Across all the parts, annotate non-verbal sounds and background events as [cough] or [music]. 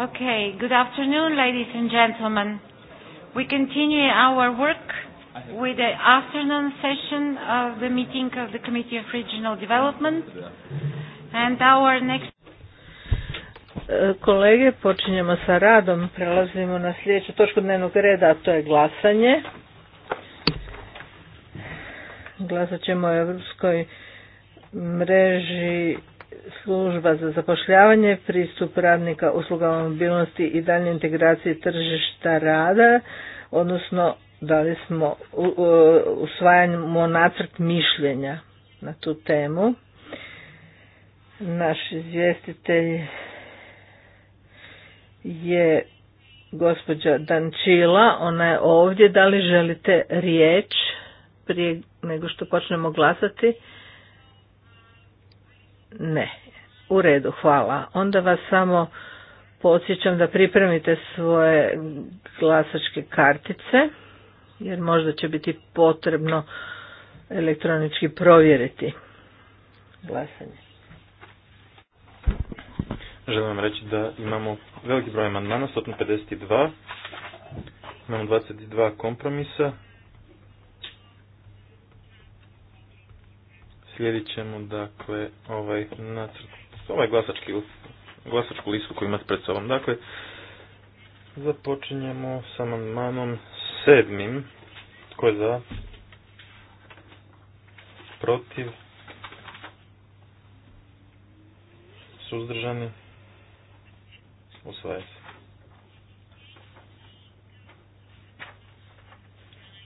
Okay, good afternoon, ladies and gentlemen. We continue our work with the afternoon session of the meeting of the Committee of Regional Development. And our next e, Kolege, počinjemo sa radom. Prelazimo na sljedeću točku dnevnog reda, a to je glasanje. Glasat ćemo o Europskoj mreži služba za zapošljavanje, pristup radnika usluga mobilnosti i dalje integraciji tržišta rada, odnosno da li smo usvajamo nacrt mišljenja na tu temu. Naš izvjestitelj je gospođa Dančila, ona je ovdje, da li želite riječ prije nego što počnemo glasati? Ne, u redu, hvala. Onda vas samo podsjećam da pripremite svoje glasačke kartice, jer možda će biti potrebno elektronički provjeriti glasanje. Želim vam reći da imamo veliki broj amandmana, 152, imamo 22 kompromisa. Slijedit ćemo dakle ovaj nacrt ovaj glasački, glasačku listu koju imate pred sobom. Dakle, započinjemo sa amandmanom sedmim. Tko je za? Protiv? Suzdržani? Usvaja se.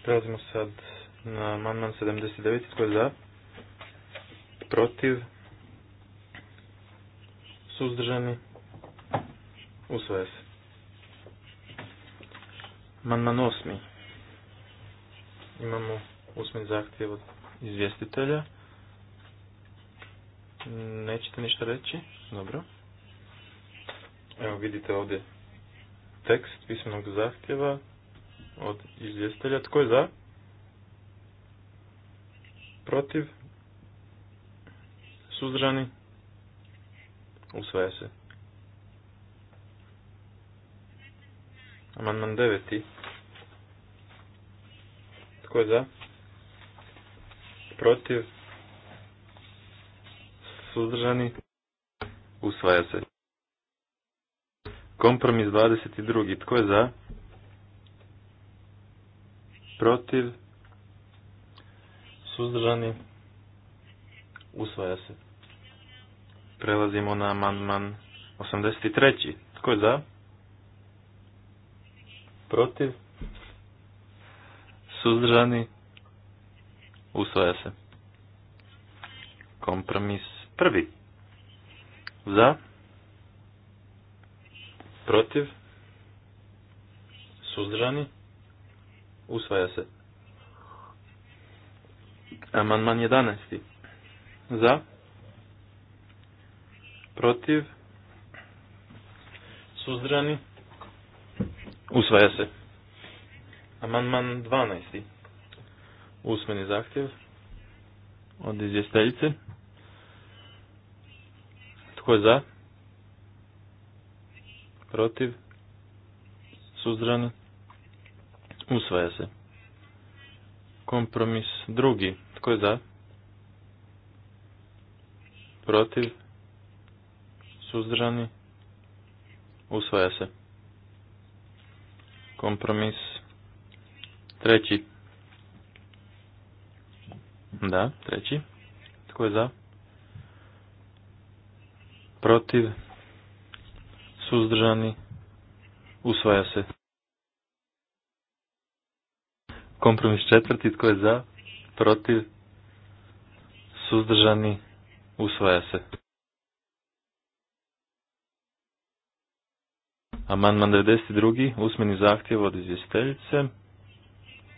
Prelazimo sad na amandman 79. Tko je za? Protiv? suzdržani, usvaja se. Manman osmi. Imamo osmi zahtjev od izvjestitelja. Nećete ništa reći? Dobro. Evo vidite ovdje tekst pismenog zahtjeva od izvjestitelja. Tko je za? Protiv? Suzdržani? Usvaja se. Amandman deveti. Tko je za? Protiv? Suzdržani? Usvaja se. Kompromis 22. Tko je za? Protiv? Suzdržani? Usvaja se. Prelazimo na amandman 83. Tko je za? Protiv? Suzdržani? Usvaja se. Kompromis prvi. Za? Protiv? Suzdržani? Usvaja se. Amandman 11. Za? protiv, suzdrani, usvaja se. Amandman 12. Usmeni zahtjev od izvjesteljice. Tko je za? Protiv? Suzdrani? Usvaja se. Kompromis drugi. Tko je za? Protiv? suzdržani, usvaja se. Kompromis treći. Da, treći. Tko je za? Protiv, suzdržani, usvaja se. Kompromis četvrti, tko je za, protiv, suzdržani, usvaja se. Amandman 92. Usmeni zahtjev od izvjestiteljice.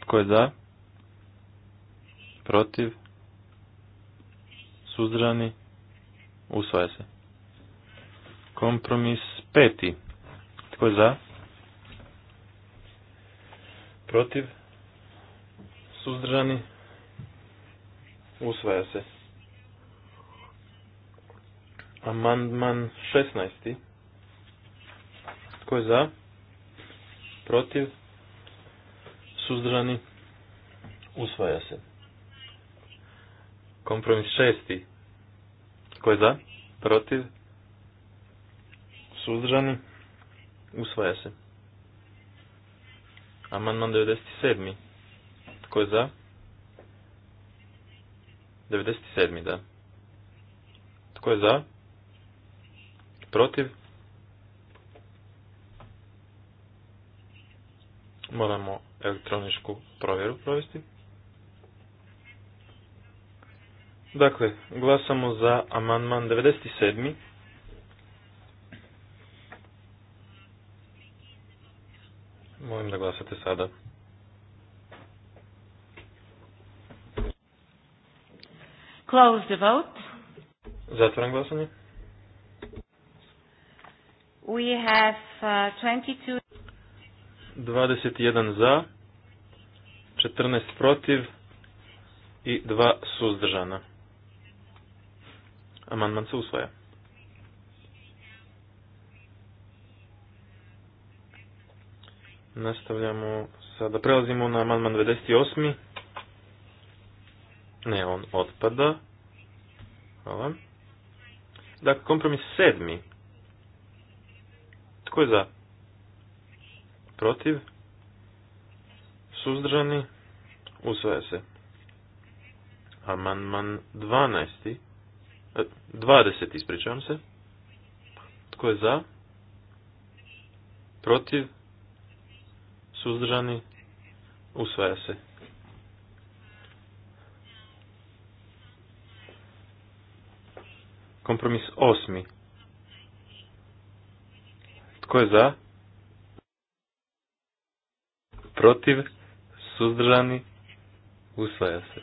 Tko je za? Protiv? Suzdrani? Usvaja se. Kompromis peti. Tko je za? Protiv? Suzdrani? Usvaja se. Amandman 16. Tko je za? Protiv? Suzdržani? Usvaja se. Kompromis šesti. Tko je za? Protiv? Suzdržani? Usvaja se. Amandman 97. Tko je za? 97. da. Tko je za? Protiv? Moramo elektroničku provjeru provesti. Dakle, glasamo za amandman 97. Molim da glasate sada. Close the vote. Zatvoram glasanje. We have 22 uh, 21 za, 14 protiv i 2 suzdržana. Amandman se usvaja. Nastavljamo sada. Prelazimo na amandman 98. Ne, on otpada. Hvala. Dakle, kompromis sedmi. Tko je za? protiv, suzdržani, usvaja se. Amandman 12. 20. E, ispričavam se. Tko je za? Protiv? Suzdržani? Usvaja se. Kompromis osmi. Tko je za? protiv, suzdržani, usvaja se.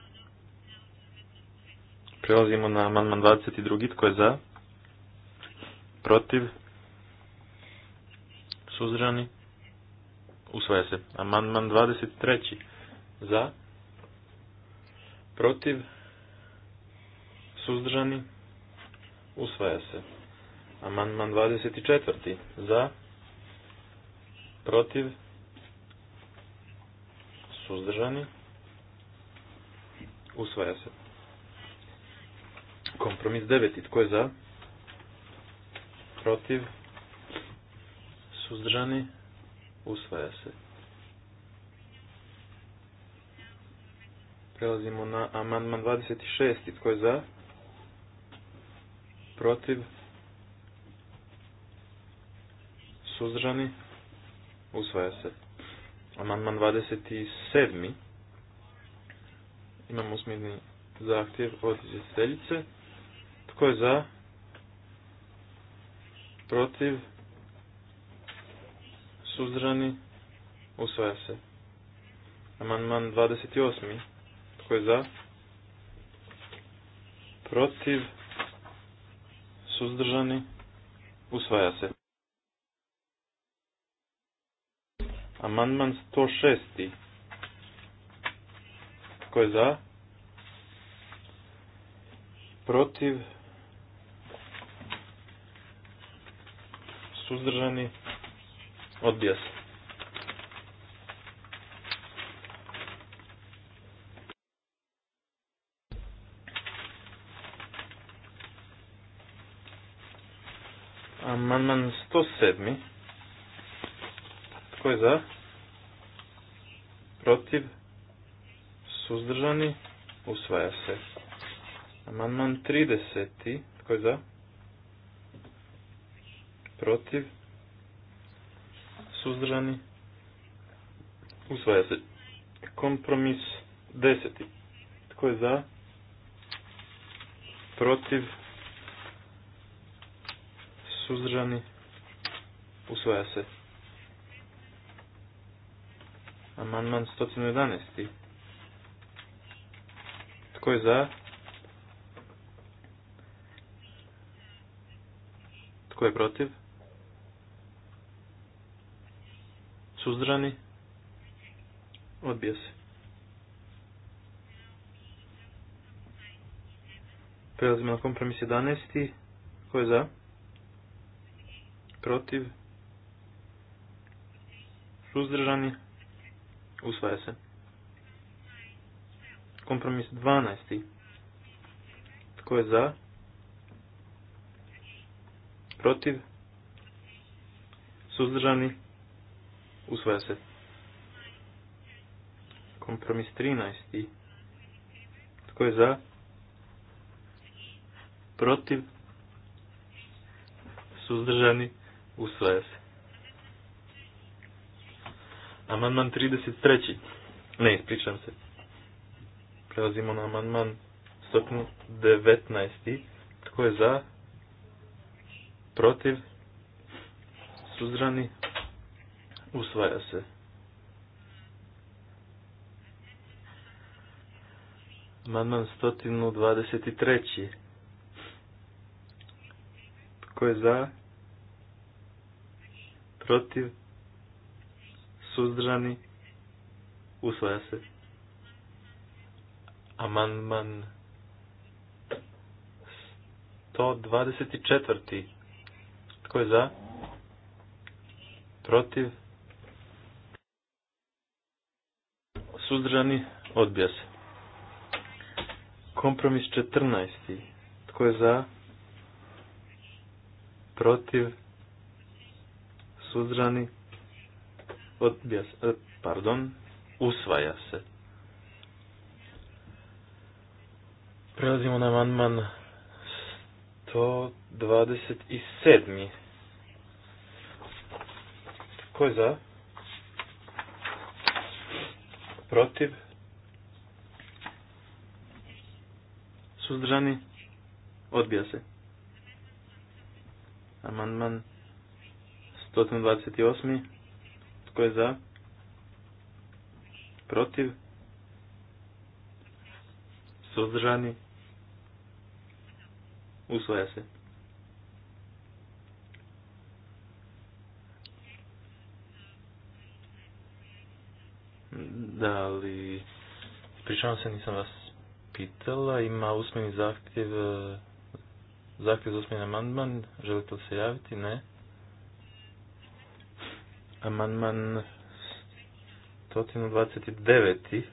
Prelazimo na amandman 22. Tko je za? Protiv? Suzdržani? Usvaja se. Amandman 23. Za? Protiv? Suzdržani? Usvaja se. Amandman 24. Za? Protiv? suzdržani, usvaja se. Kompromis deveti, tko je za, protiv, suzdržani, usvaja se. Prelazimo na amandman 26. Tko je za? Protiv? Suzdržani? Usvaja se. Amandman 27. Imamo usmjerni zahtjev od izvjestiteljice. Tko je za? Protiv? suzdržani, Usvaja se. Amandman 28. Tko je za? Protiv? Suzdržani? Usvaja se. Amandman 106. Tko je za? Protiv? Suzdržani? Odbija se. Amandman 107. Tko je za? Protiv? Suzdržani? Usvaja se. Amandman 30. Tko je za? Protiv? Suzdržani? Usvaja se. Kompromis 10. Tko je za? Protiv? Suzdržani? Usvaja se. Amandman 111. Tko je za? Tko je protiv? Suzdrani? Odbija se. Prelazimo na kompromis 11. Tko je za? Protiv? Suzdržani? Usvaja se. Kompromis 12. Tko je za? Protiv? Suzdržani? Usvaja se. Kompromis 13. Tko je za? Protiv? Suzdržani? Usvaja se. Amandman 33. Ne, ispričam se. Prelazimo na amandman 119. Tko je za? Protiv? Suzrani? Usvaja se. Amandman 123. Tko je za? Protiv? suzdržani, usvaja se. Amandman 124. Tko je za? Protiv? Suzdržani, odbija se. Kompromis 14. Tko je za? Protiv? Suzdržani, odbija se, e, pardon, usvaja se. Prelazimo na amandman 127. Tko je za? Protiv? Suzdržani? Odbija se. Amandman 128. Tko je za? Protiv? Suzdržani? Usvoja se. Da li... Pričavam se, nisam vas pitala. Ima usmeni zahtjev... Zahtjev za usmeni amandman. Želite li se javiti? Ne. Amandman 129.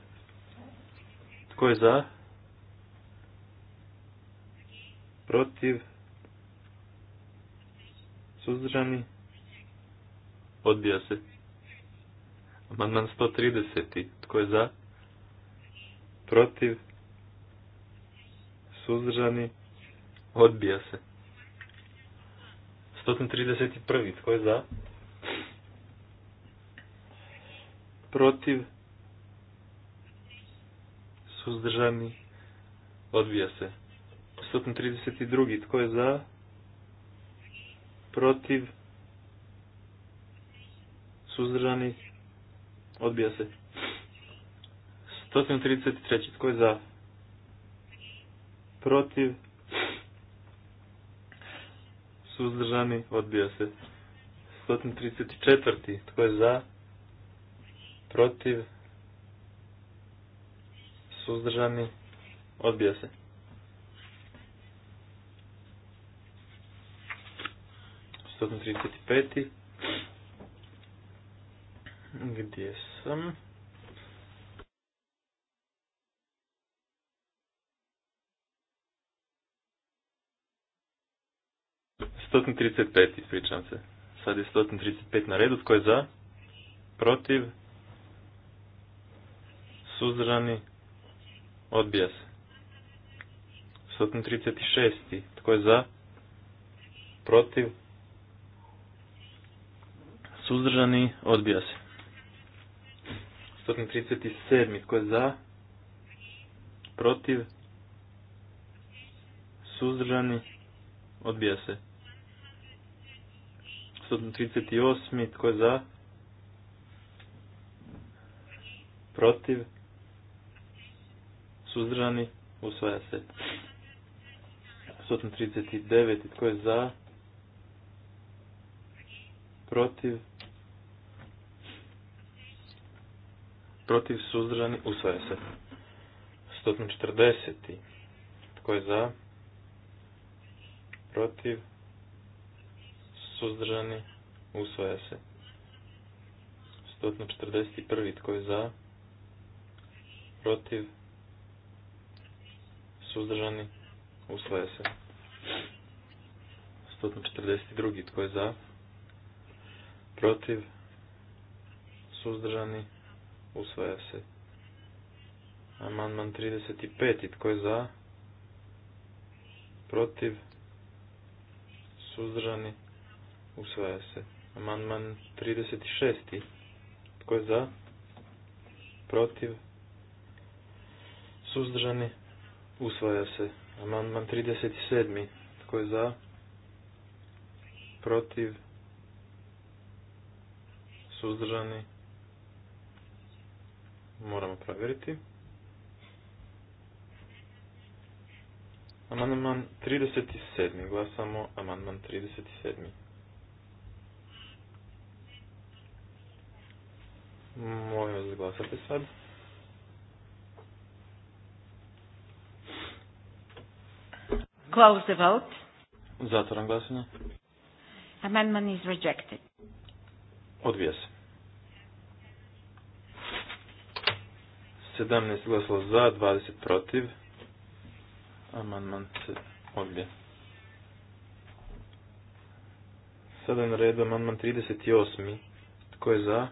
Tko je za? Protiv? Suzdržani? Odbija se. Amandman 130. Tko je za? Protiv? Suzdržani? Odbija se. 131. Tko je za? protiv, suzdržani, odbija se. 132. Tko je za? Protiv? Suzdržani? Odbija se. 133. Tko je za? Protiv? Suzdržani? Odbija se. 134. Tko je za? protiv, suzdržani, odbija se. 135. Gdje sam? Stotni 35, ispričam se. Sad je 135 na redu. Tko je za? Protiv? suzdržani, odbija se. 136. Tko je za? Protiv? Suzdržani, odbija se. 137. Tko je za? Protiv? Suzdržani, odbija se. 138. Tko je za? Protiv? suzdržani, usvaja se. 139. Tko je za? Protiv? Protiv suzdržani, usvaja se. 140. Tko je za? Protiv? Suzdržani, usvaja se. 141. Tko je za? Protiv? suzdržani, usvaja se. 142. Tko je za? Protiv? Suzdržani? Usvaja se. Amandman 35. Tko je za? Protiv? Suzdržani? Usvaja se. Amandman 36. Tko je za? Protiv? Suzdržani? Usvaja se. Amandman 37. Tko je za? Protiv? Suzdržani? Moramo provjeriti. Amandman 37. Glasamo amandman 37. Molim vas da glasate sad. Close the vote. Zatvoram glasanje. Amendment is rejected. Odbija se. 17 glasalo za, 20 protiv. Amendment se odbija. Sada je na redu Amendment 38. Tko je za?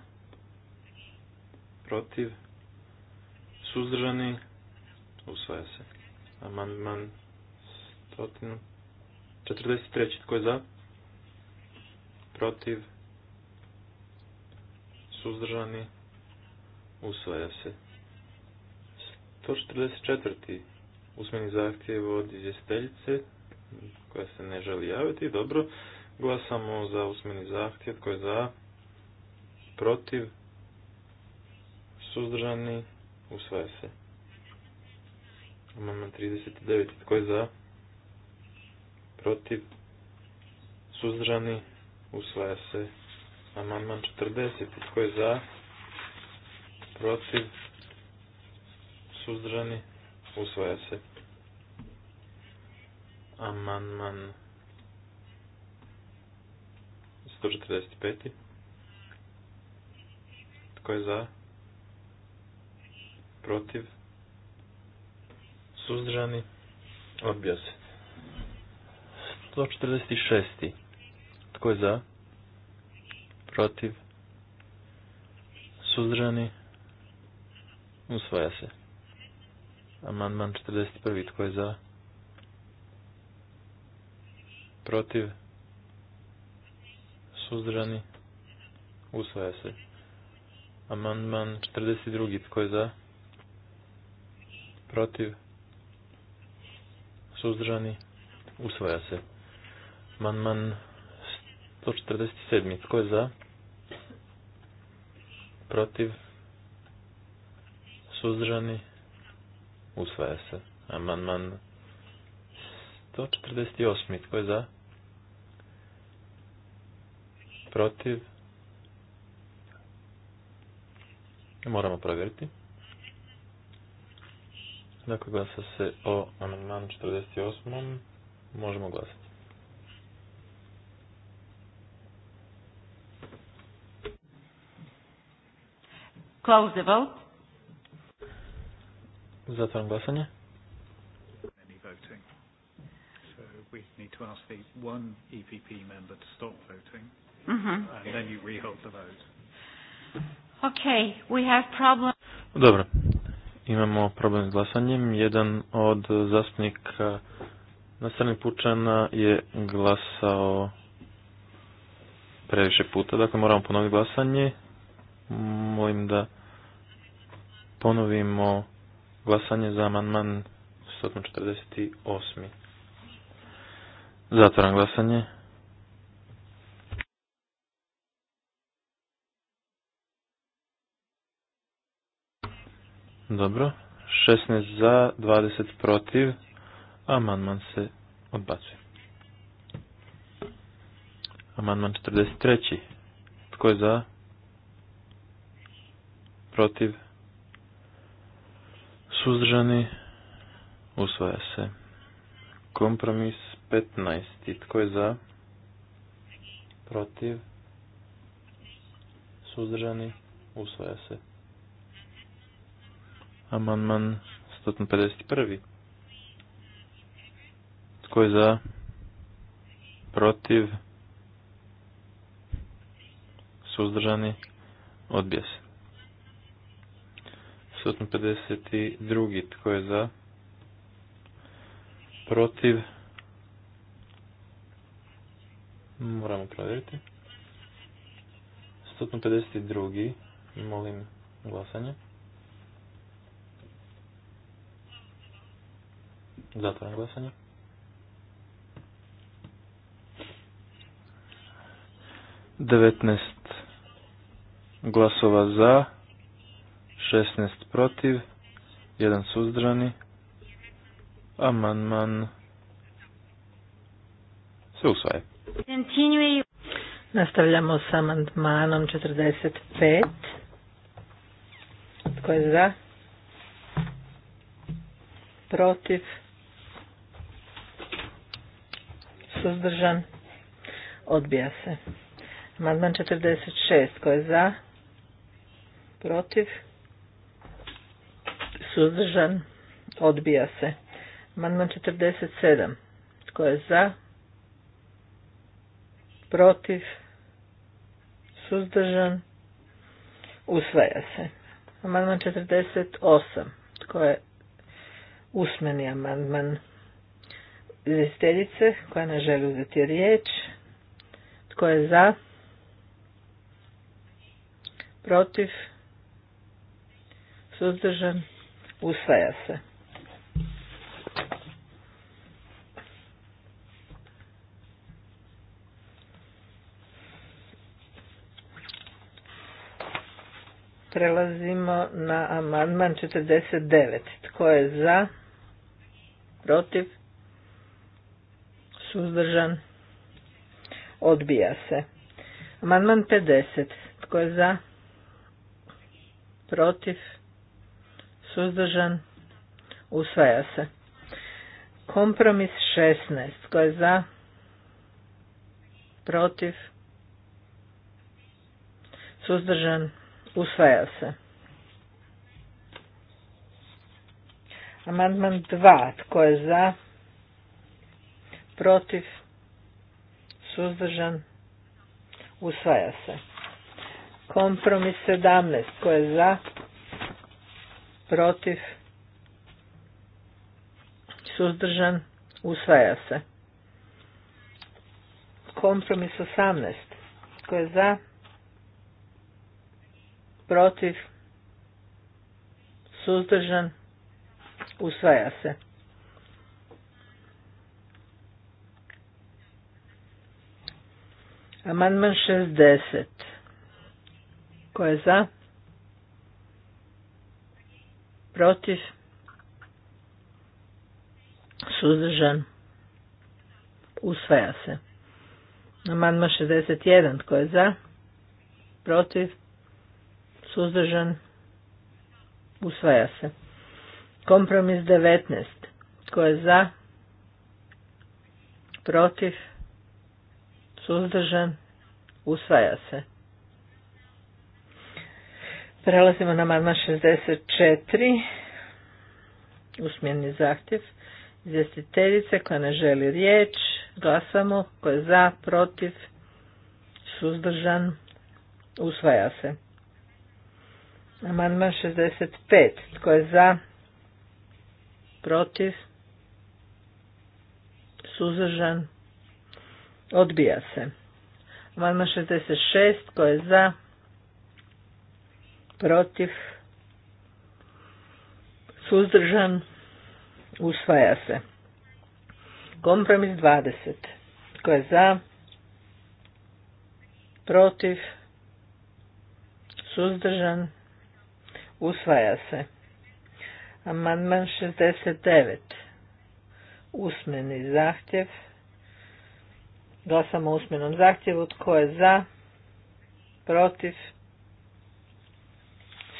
Protiv? Suzdržani? Usvaja se. Amendment 43. Tko je za? Protiv? Suzdržani? Usvaja se. 144. Usmeni zahtjev od izvjesteljice koja se ne želi javiti. Dobro. Glasamo za usmeni zahtjev. Tko je za? Protiv? Suzdržani? Usvaja se. Amandman 39. Tko je za? protiv, suzdržani, usvaja se. Amandman 40. Tko je za? Protiv? Suzdržani? Usvaja se. Amandman 145. Tko je za? Protiv? Suzdržani? Odbija se. 146. Tko je za? Protiv? Suzdržani? Usvaja se. Amandman 41. Tko je za? Protiv? Suzdržani? Usvaja se. Amandman 42. Tko je za? Protiv? Suzdržani? Usvaja se. Amandman 147. Tko je za? Protiv? Suzdržani? Usvaja se. Amandman 148. Tko je za? Protiv? Moramo provjeriti. Dakle, glasa se o amandmanu 48. Možemo glasati. Close the vote. Zatvaram glasanje. Any voting. So we need to ask the one EPP member to stop voting. Mm -hmm. And then you rehold the vote. Okay, we have problem. Dobro. Imamo problem s glasanjem. Jedan od zastupnika na strani Pučana je glasao previše puta. Dakle, moramo ponoviti glasanje. Molim da ponovimo glasanje za amandman 148. Zatvaram glasanje. Dobro. 16 za, 20 protiv. Amandman se odbacuje. Amandman 43. Tko je za? Protiv? Suzdržani. Usvaja se. Kompromis 15. Tko je za? Protiv. Suzdržani. Usvaja se. Amandman 151. Tko je za? Protiv. Suzdržani. Odbija se. 152. Tko je za? Protiv? Moramo provjeriti. 152. Molim glasanje. Zatvoram glasanje. Devetnest glasova za, 16 protiv, Jedan suzdržani. Amandman se usvaje. Nastavljamo s amandmanom pet. Tko je za? Protiv? Suzdržan? Odbija se. Amandman 46. Tko je za? Protiv? suzdržan, odbija se. Amandman 47. Tko je za? Protiv? Suzdržan? Usvaja se. Amandman 48. Tko je usmeni amandman? Izvjestiteljice koja ne želi uzeti riječ. Tko je za? Protiv? Suzdržan? Usvaja se. Prelazimo na amandman 49. Tko je za? Protiv? Suzdržan? Odbija se. Amandman 50. Tko je za? Protiv? suzdržan, usvaja se. Kompromis 16. Tko je za? Protiv? Suzdržan? Usvaja se. Amandman 2. Tko je za? Protiv? Suzdržan? Usvaja se. Kompromis 17. Tko je za? protiv, suzdržan, usvaja se. Kompromis 18. Tko je za, protiv, suzdržan, usvaja se. Amandman 60. Tko je za? protiv, suzdržan, usvaja se. Amandma 61, tko je za, protiv, suzdržan, usvaja se. Kompromis 19, tko je za, protiv, suzdržan, usvaja se. Prelazimo na amandman 64, usmjerni zahtjev. Izvjestiteljice koja ne želi riječ, glasamo, ko je za, protiv, suzdržan, usvaja se. Amandman 65, tko je za, protiv, suzdržan, odbija se. Amandman 66, tko je za, protiv, suzdržan, usvaja se. Kompromis 20. Tko je za, protiv, suzdržan, usvaja se. Amandman 69. Usmeni zahtjev. Glasamo usmenom zahtjevu. Tko je za, protiv,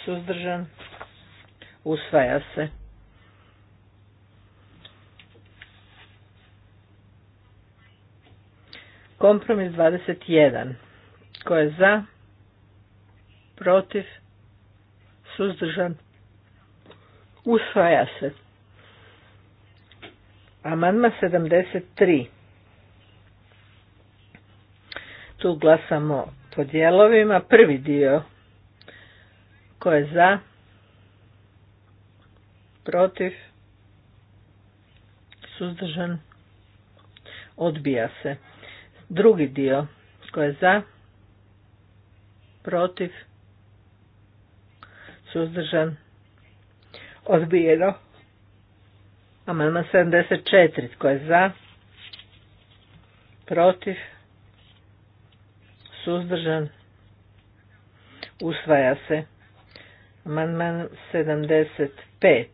suzdržan, usvaja se. Kompromis 21. Ko je za, protiv, suzdržan, usvaja se. Amandman 73. Tu glasamo po dijelovima. Prvi dio tko je za? Protiv? Suzdržan? Odbija se. Drugi dio. Tko je za? Protiv? Suzdržan? Odbijeno. Amandman 74. Tko je za? Protiv? Suzdržan? Usvaja se. Amandman 75.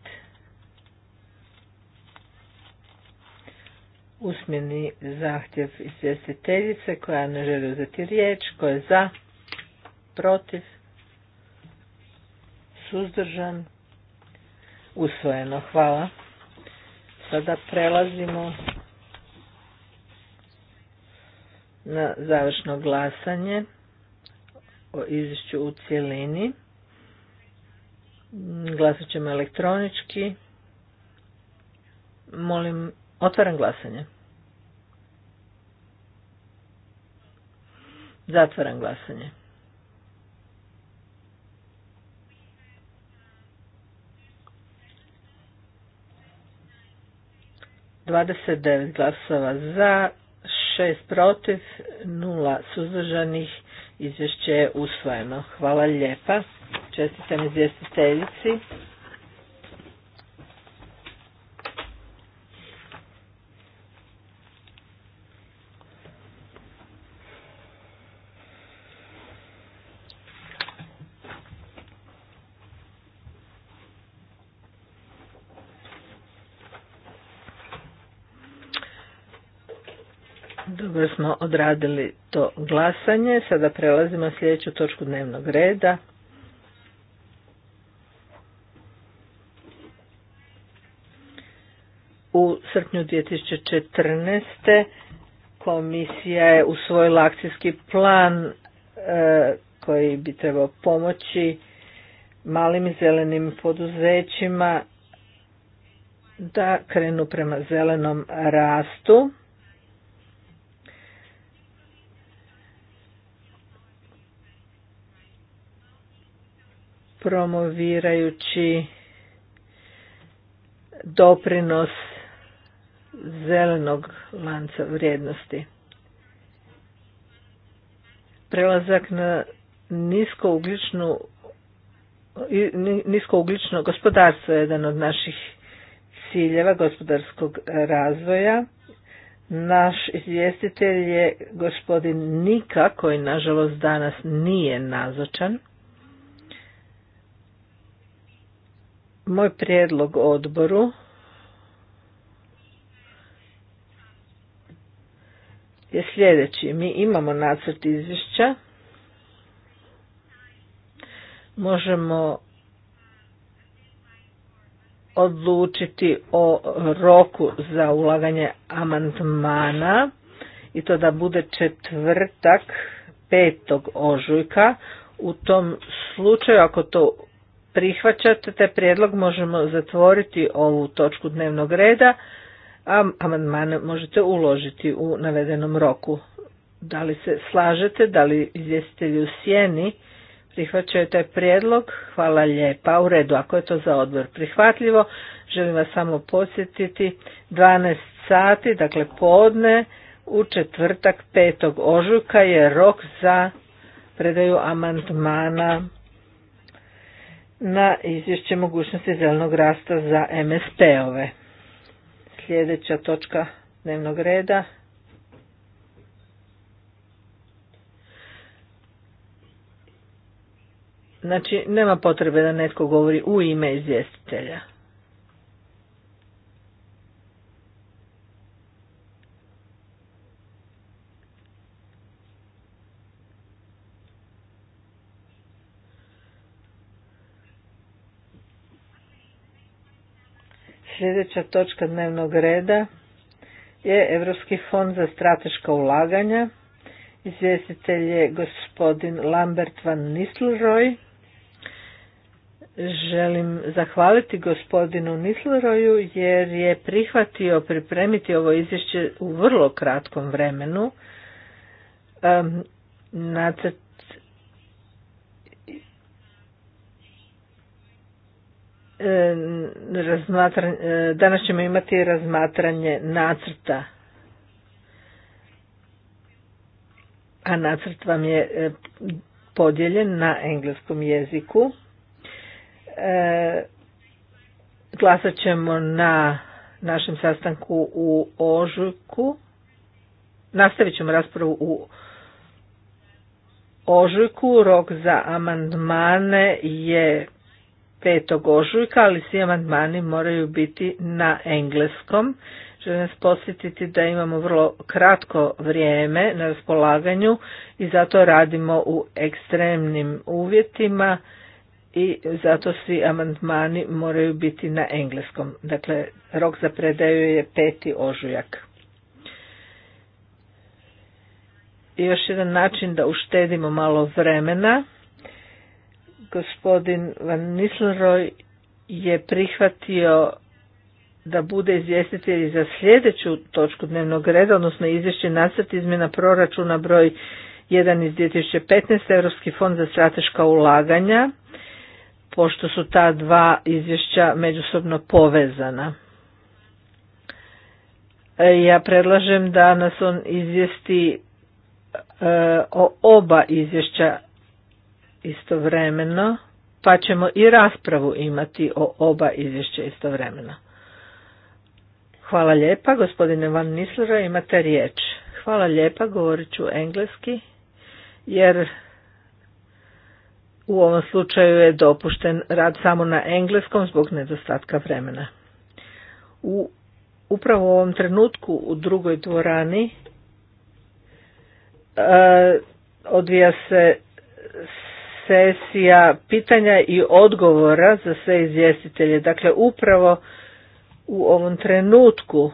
Usmjeni zahtjev izvjestiteljice koja ne želi uzeti riječ. Ko je za? Protiv? Suzdržan? Usvojeno. Hvala. Sada prelazimo na završno glasanje o izvješću u cjelini. Mm, glasat ćemo elektronički. Molim, otvaram glasanje. Zatvaram glasanje. Dvadeset devet glasova za, šest protiv, nula suzdržanih, izvješće je usvojeno. Hvala lijepa. Čestitam izvjestiteljici. Dobro smo odradili to glasanje. Sada prelazimo na sljedeću točku dnevnog reda. srpnju 2014. komisija je usvojila akcijski plan e, koji bi trebao pomoći malim zelenim poduzećima da krenu prema zelenom rastu. promovirajući doprinos zelenog lanca vrijednosti. Prelazak na niskougličnu niskouglično gospodarstvo je jedan od naših ciljeva gospodarskog razvoja. Naš izvjestitelj je gospodin Nika, koji nažalost danas nije nazočan. Moj prijedlog odboru je sljedeći. Mi imamo nacrt izvješća. Možemo odlučiti o roku za ulaganje amandmana i to da bude četvrtak 5. ožujka. U tom slučaju, ako to prihvaćate, te prijedlog možemo zatvoriti ovu točku dnevnog reda amandmane možete uložiti u navedenom roku. Da li se slažete, da li izvjestitelji u sjeni prihvaćaju taj prijedlog? Hvala lijepa. U redu, ako je to za odbor prihvatljivo, želim vas samo posjetiti, 12 sati, dakle podne, u četvrtak 5. ožujka je rok za predaju amandmana na izvješće mogućnosti zelenog rasta za MSP-ove sljedeća točka dnevnog reda. Znači, nema potrebe da netko govori u ime izvjestitelja. Sljedeća točka dnevnog reda je Europski fond za strateška ulaganja. Izvjestitelj je gospodin Lambert van Nistelrooy. Želim zahvaliti gospodinu Nisleroju jer je prihvatio pripremiti ovo izvješće u vrlo kratkom vremenu. nacrt E, e, danas ćemo imati razmatranje nacrta a nacrt vam je e, podijeljen na engleskom jeziku glasat ćemo na našem sastanku u ožujku nastavit ćemo raspravu u ožujku rok za amandmane je 5. ožujka, ali svi amandmani moraju biti na engleskom. Želim vas posjetiti da imamo vrlo kratko vrijeme na raspolaganju i zato radimo u ekstremnim uvjetima i zato svi amandmani moraju biti na engleskom. Dakle, rok za predaju je 5. ožujak. I još jedan način da uštedimo malo vremena Gospodin Van Nisleroy je prihvatio da bude izvjestitelj za sljedeću točku dnevnog reda, odnosno izvješće nacrt izmjena proračuna broj 1 iz 2015. Europski fond za strateška ulaganja, pošto su ta dva izvješća međusobno povezana. E, ja predlažem da nas on izvijesti e, o oba izvješća istovremeno, pa ćemo i raspravu imati o oba izvješća istovremeno. Hvala lijepa, gospodine Van Nislera, imate riječ. Hvala lijepa, govorit ću engleski, jer u ovom slučaju je dopušten rad samo na engleskom zbog nedostatka vremena. U upravo u ovom trenutku u drugoj dvorani e, odvija se sesija pitanja i odgovora za sve izvjestitelje. Dakle, upravo u ovom trenutku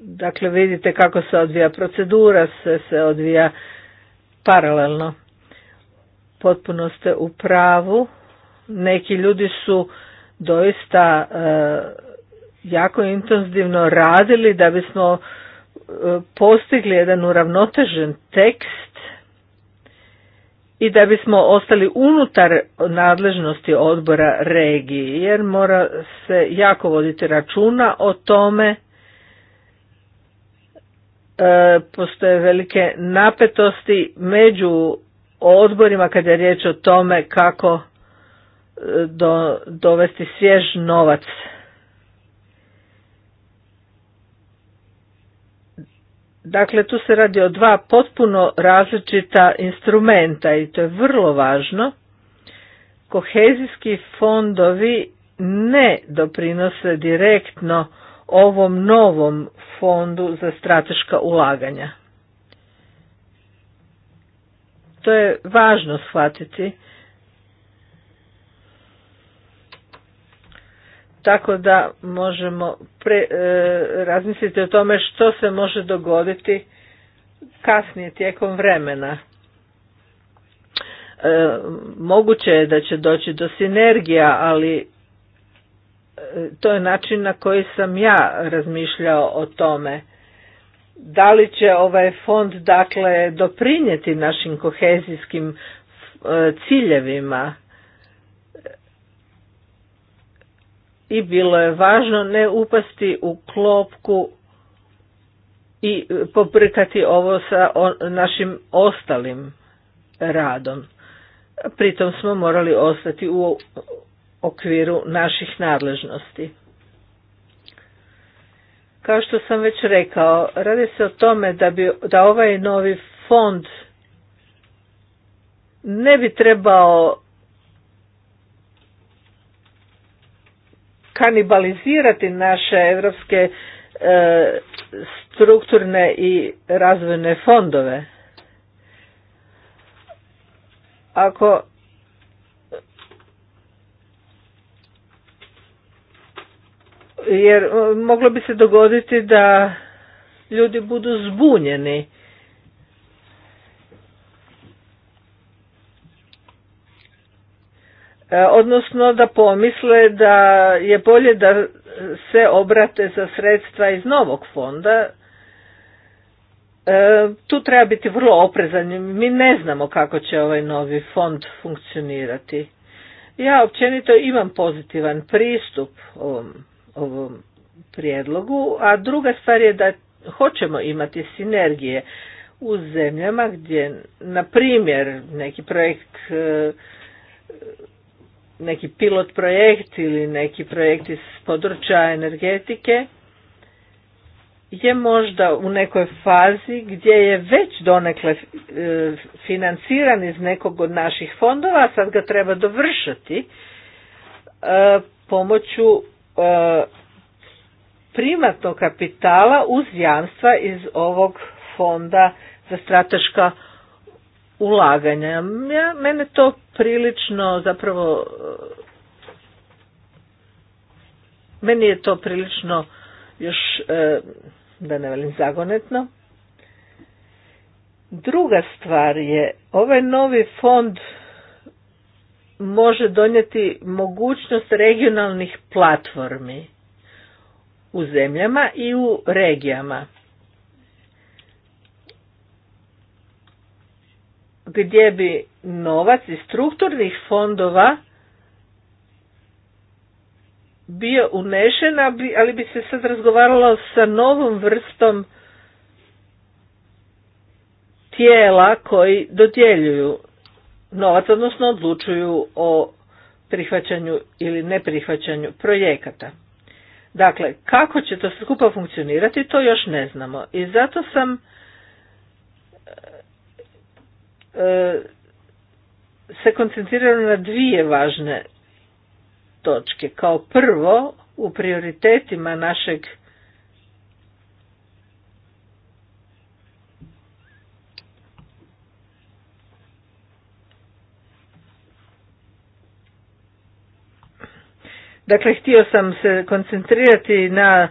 dakle vidite kako se odvija procedura, sve se odvija paralelno. Potpuno ste u pravu. Neki ljudi su doista e, jako intenzivno radili da bismo e, postigli jedan uravnotežen tekst i da bismo ostali unutar nadležnosti odbora regije, jer mora se jako voditi računa o tome e, postoje velike napetosti među odborima kada je riječ o tome kako e, do, dovesti svjež novac Dakle, tu se radi o dva potpuno različita instrumenta i to je vrlo važno. Kohezijski fondovi ne doprinose direktno ovom novom fondu za strateška ulaganja. To je važno shvatiti tako da možemo pre, e, razmisliti o tome što se može dogoditi kasnije tijekom vremena. E, moguće je da će doći do sinergija, ali e, to je način na koji sam ja razmišljao o tome. Da li će ovaj fond dakle doprinijeti našim kohezijskim e, ciljevima? i bilo je važno ne upasti u klopku i poprkati ovo sa našim ostalim radom. Pritom smo morali ostati u okviru naših nadležnosti. Kao što sam već rekao, radi se o tome da, bi, da ovaj novi fond ne bi trebao kanibalizirati naše europske e, strukturne i razvojne fondove. Ako jer e, moglo bi se dogoditi da ljudi budu zbunjeni E, odnosno da pomisle da je bolje da se obrate za sredstva iz novog fonda. E, tu treba biti vrlo oprezan, mi ne znamo kako će ovaj novi fond funkcionirati. Ja općenito imam pozitivan pristup ovom, ovom prijedlogu, a druga stvar je da hoćemo imati sinergije u zemljama gdje, na primjer, neki projekt e, neki pilot projekt ili neki projekt iz područja energetike je možda u nekoj fazi gdje je već donekle e, financiran iz nekog od naših fondova, a sad ga treba dovršati e, pomoću e, primatnog kapitala uz jamstva iz ovog fonda za strateška ulaganja. mene to prilično zapravo meni je to prilično još e, da ne velim zagonetno. Druga stvar je ovaj novi fond može donijeti mogućnost regionalnih platformi u zemljama i u regijama. gdje bi novac iz strukturnih fondova bio unešen, ali bi se sad razgovaralo sa novom vrstom tijela koji dodjeljuju novac, odnosno odlučuju o prihvaćanju ili neprihvaćanju projekata. Dakle, kako će to skupa funkcionirati, to još ne znamo. I zato sam E, se koncentriraju na dvije važne točke. Kao prvo, u prioritetima našeg Dakle, htio sam se koncentrirati na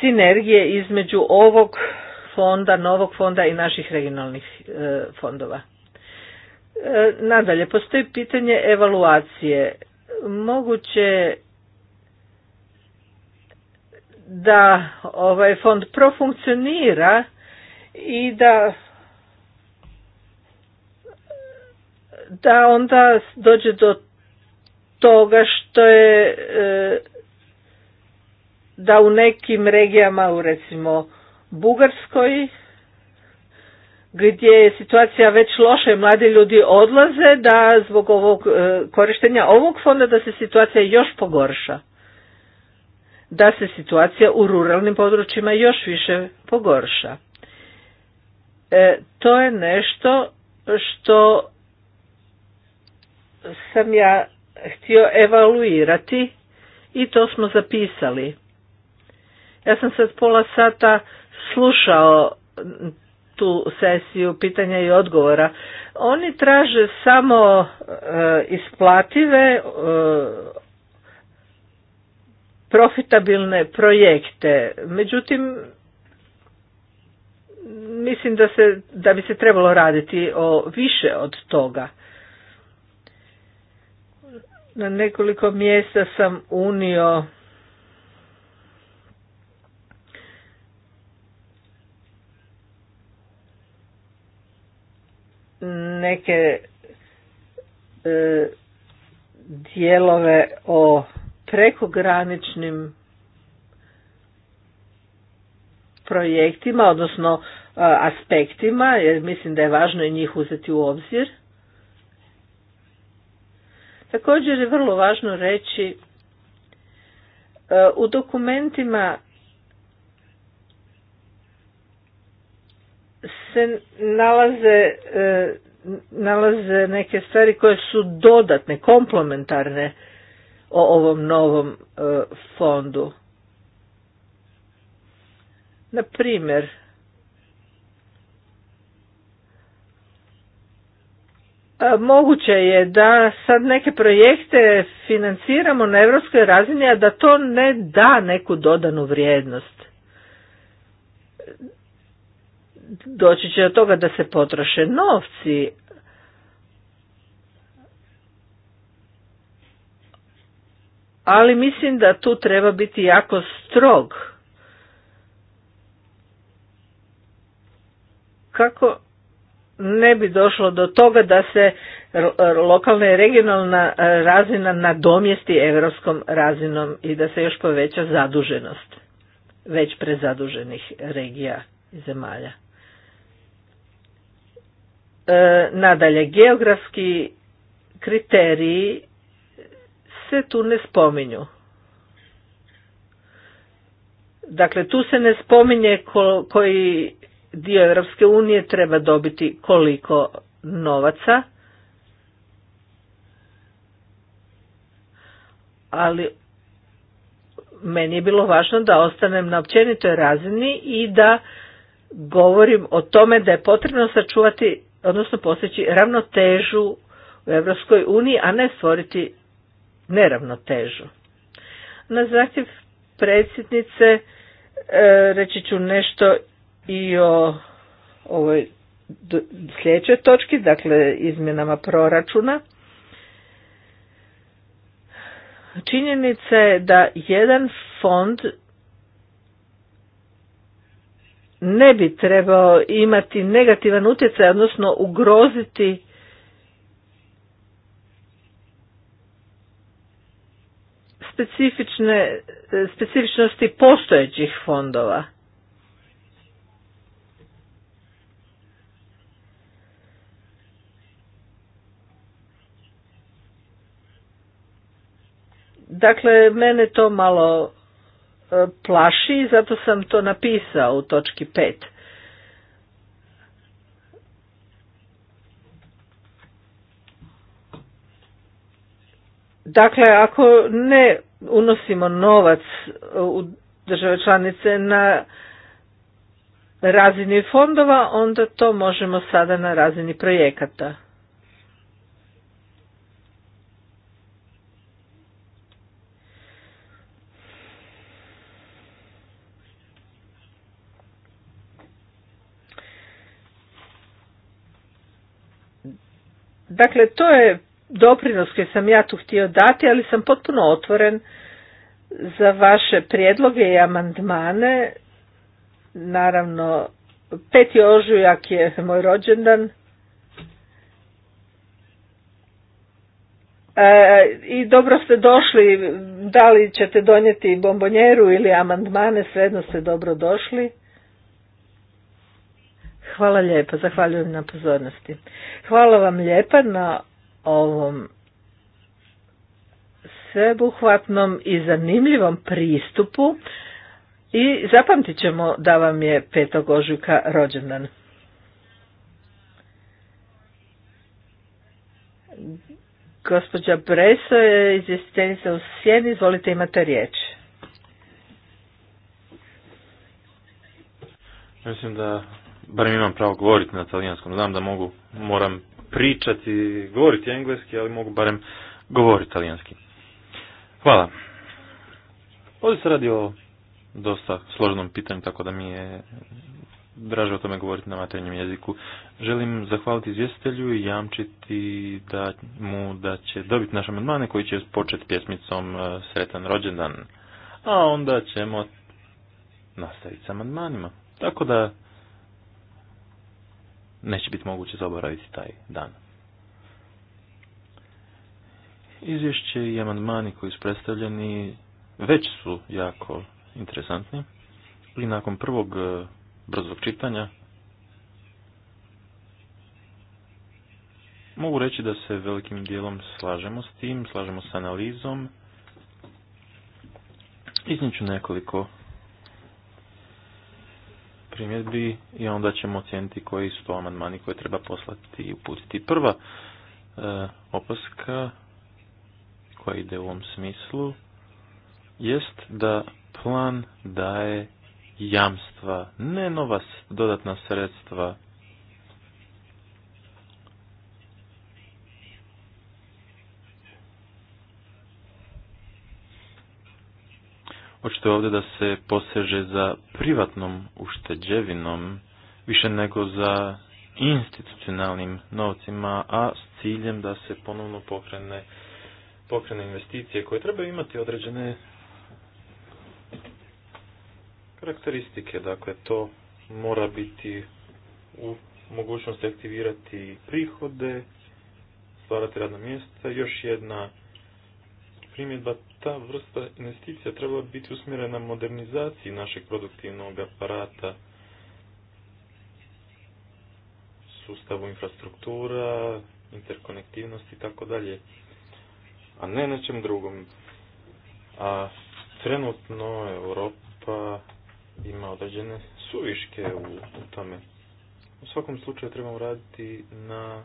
sinergije između ovog fonda, novog fonda i naših regionalnih e, fondova. E, nadalje, postoji pitanje evaluacije. Moguće da ovaj fond profunkcionira i da da onda dođe do toga što je e, da u nekim regijama u recimo Bugarskoj gdje je situacija već loša i mladi ljudi odlaze da zbog ovog e, korištenja ovog fonda da se situacija još pogorša. Da se situacija u ruralnim područjima još više pogorša. E, to je nešto što sam ja htio evaluirati i to smo zapisali. Ja sam sad pola sata slušao tu sesiju pitanja i odgovora. Oni traže samo e, isplative e, profitabilne projekte. Međutim, mislim da, se, da bi se trebalo raditi o više od toga. Na nekoliko mjesta sam unio neke e, dijelove o prekograničnim projektima, odnosno e, aspektima, jer mislim da je važno i njih uzeti u obzir. Također je vrlo važno reći e, u dokumentima se nalaze nalaze neke stvari koje su dodatne, komplementarne o ovom novom e, fondu. Na primjer, Moguće je da sad neke projekte financiramo na europskoj razini, a da to ne da neku dodanu vrijednost doći će do toga da se potroše novci. Ali mislim da tu treba biti jako strog. Kako ne bi došlo do toga da se lokalna i regionalna razina nadomjesti europskom razinom i da se još poveća zaduženost već prezaduženih regija i zemalja. E, nadalje, geografski kriteriji se tu ne spominju. Dakle, tu se ne spominje koji dio Europske unije treba dobiti koliko novaca, ali meni je bilo važno da ostanem na općenitoj razini i da govorim o tome da je potrebno sačuvati odnosno postići ravnotežu u Europskoj uniji, a ne stvoriti neravnotežu. Na zahtjev predsjednice e, reći ću nešto i o ovoj sljedećoj točki, dakle izmjenama proračuna. Činjenica je da jedan fond ne bi trebao imati negativan utjecaj, odnosno ugroziti specifične, specifičnosti postojećih fondova. Dakle, mene to malo E, plaši zato sam to napisao u točki 5. Dakle, ako ne unosimo novac u države članice na razini fondova, onda to možemo sada na razini projekata. Dakle, to je doprinos koji sam ja tu htio dati, ali sam potpuno otvoren za vaše prijedloge i amandmane. Naravno, peti ožujak je moj rođendan. E, I dobro ste došli, da li ćete donijeti bombonjeru ili amandmane, svejedno ste dobro došli. Hvala lijepa, zahvaljujem na pozornosti. Hvala vam lijepa na ovom sveobuhvatnom i zanimljivom pristupu i zapamtit ćemo da vam je 5. ožujka rođendan. Gospođa Breso je izvjestiteljica u sjeni, izvolite imate riječ. Mislim da barem imam pravo govoriti na talijanskom, znam da mogu, moram pričati, govoriti engleski, ali mogu barem govoriti talijanski. Hvala. Ovdje se radi o dosta složenom pitanju, tako da mi je draže o tome govoriti na maternjem jeziku. Želim zahvaliti izvjestitelju i jamčiti da mu da će dobiti naše amandmane koji će početi pjesmicom e, Sretan rođendan. A onda ćemo nastaviti sa amandmanima. Tako da neće biti moguće zaboraviti taj dan. Izvješće i amandmani koji su predstavljeni već su jako interesantni i nakon prvog e, brzog čitanja mogu reći da se velikim dijelom slažemo s tim, slažemo s analizom. ću nekoliko primjedbi i onda ćemo ocijeniti koji su to amandmani koje treba poslati i uputiti. Prva e, opaska koja ide u ovom smislu jest da plan daje jamstva, ne nova dodatna sredstva Očito je ovdje da se poseže za privatnom ušteđevinom više nego za institucionalnim novcima, a s ciljem da se ponovno pokrene, pokrene investicije koje trebaju imati određene karakteristike. Dakle, to mora biti u mogućnosti aktivirati prihode, stvarati radna mjesta. Još jedna primjedba, ta vrsta investicija treba biti usmjerena modernizaciji našeg produktivnog aparata, sustavu infrastruktura, interkonektivnosti i tako dalje, a ne na čem drugom. A trenutno Europa ima određene suviške u, u tome. U svakom slučaju trebamo raditi na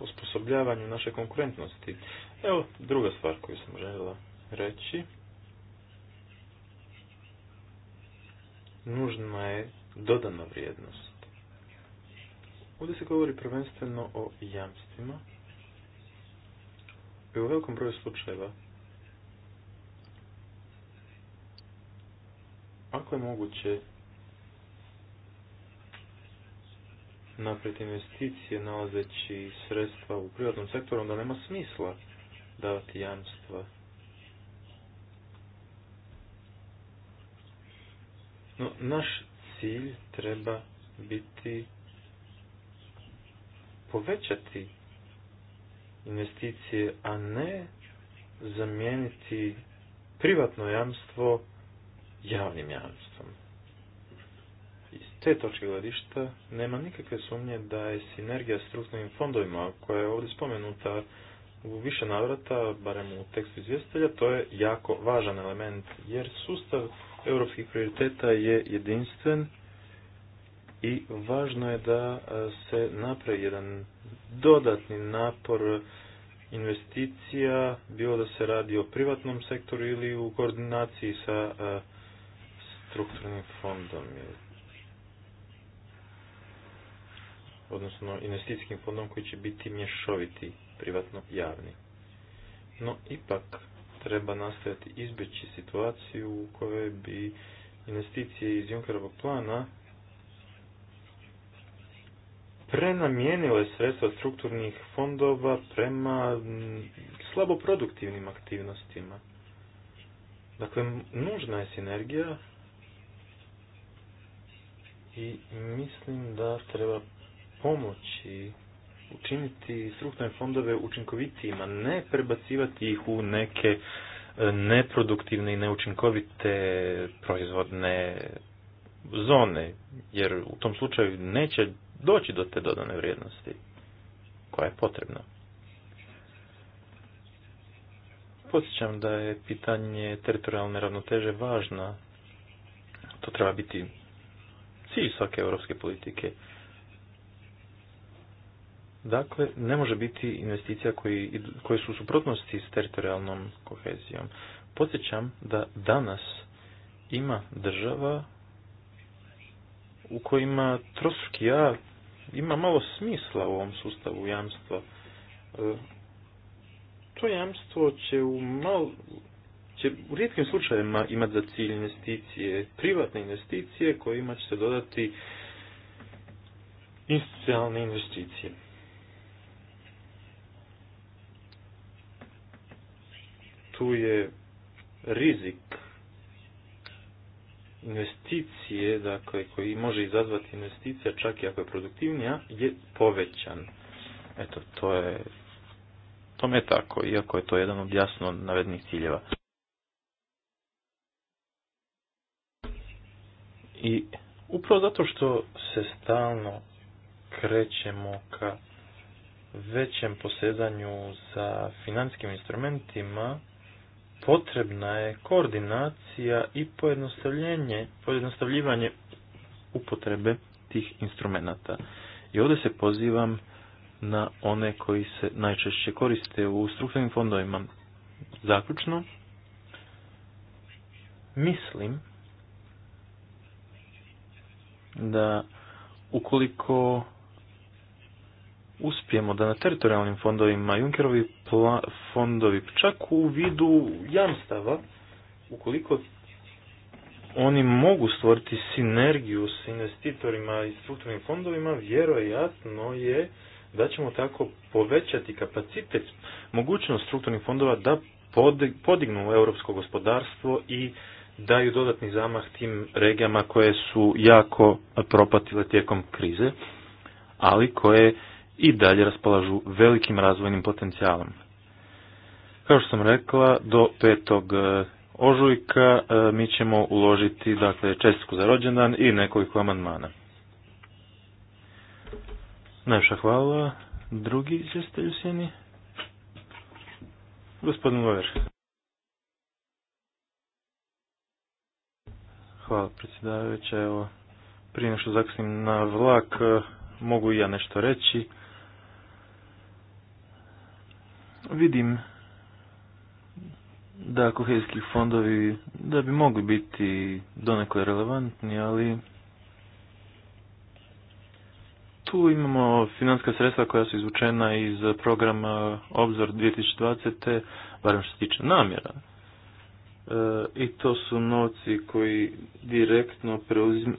osposobljavanju naše konkurentnosti. Evo, druga stvar koju sam željela reći. Nužna je dodana vrijednost. Ovdje se govori prvenstveno o jamstvima. I u velikom broju slučajeva, ako je moguće napraviti investicije nalazeći sredstva u privatnom sektoru, onda nema smisla davati jamstva. No, naš cilj treba biti povećati investicije, a ne zamijeniti privatno jamstvo javnim jamstvom. Iz te točke gledišta nema nikakve sumnje da je sinergija s strukturnim fondovima koja je ovdje spomenuta u više navrata, barem u tekstu izvjestitelja, to je jako važan element, jer sustav europskih prioriteta je jedinstven i važno je da e, se napravi jedan dodatni napor investicija, bilo da se radi o privatnom sektoru ili u koordinaciji sa e, strukturnim fondom, odnosno investicijskim fondom koji će biti mješoviti privatno-javni. No, ipak treba nastaviti izbjeći situaciju u kojoj bi investicije iz Junkerovog plana prenamijenile sredstva strukturnih fondova prema slabo produktivnim aktivnostima. Dakle, nužna je sinergija i mislim da treba pomoći učiniti strukturne fondove učinkovitijima, ne prebacivati ih u neke e, neproduktivne i neučinkovite proizvodne zone, jer u tom slučaju neće doći do te dodane vrijednosti koja je potrebna. Podsjećam da je pitanje teritorijalne ravnoteže važna. To treba biti cilj svake europske politike. Dakle, ne može biti investicija koji, koje su u suprotnosti s teritorijalnom kohezijom. Podsjećam da danas ima država u kojima troski ja ima malo smisla u ovom sustavu jamstva. E, to jamstvo će u malo, će u rijetkim slučajevima imati za cilj investicije, privatne investicije kojima će se dodati institucionalne investicije. tu je rizik investicije, dakle, koji može izazvati investicija, čak i ako je produktivnija, je povećan. Eto, to je, tome je tako, iako je to jedan od jasno navednih ciljeva. I upravo zato što se stalno krećemo ka većem posjedanju za financijskim instrumentima, potrebna je koordinacija i pojednostavljenje, pojednostavljivanje upotrebe tih instrumenata. I ovdje se pozivam na one koji se najčešće koriste u strukturnim fondovima. Zaključno, mislim da ukoliko uspijemo da na teritorijalnim fondovima Junckerovi fondovi čak u vidu jamstava ukoliko oni mogu stvoriti sinergiju s investitorima i strukturnim fondovima, vjerojatno je da ćemo tako povećati kapacitet, mogućnost strukturnih fondova da podignu europsko gospodarstvo i daju dodatni zamah tim regijama koje su jako propatile tijekom krize, ali koje i dalje raspolažu velikim razvojnim potencijalom. Kao što sam rekla, do 5. E, ožujka e, mi ćemo uložiti dakle, za rođendan i nekoliko amandmana. Najviše hvala. Drugi izvjestelj u sjeni? Gospodin Lover. Hvala predsjedavajuća. Evo, prije nešto zakasnim na vlak, e, mogu i ja nešto reći. Vidim da kohezijski fondovi da bi mogli biti donekle relevantni, ali tu imamo financijska sredstva koja su izvučena iz programa Obzor 2020. barem što se tiče namjera. E, I to su novci koji direktno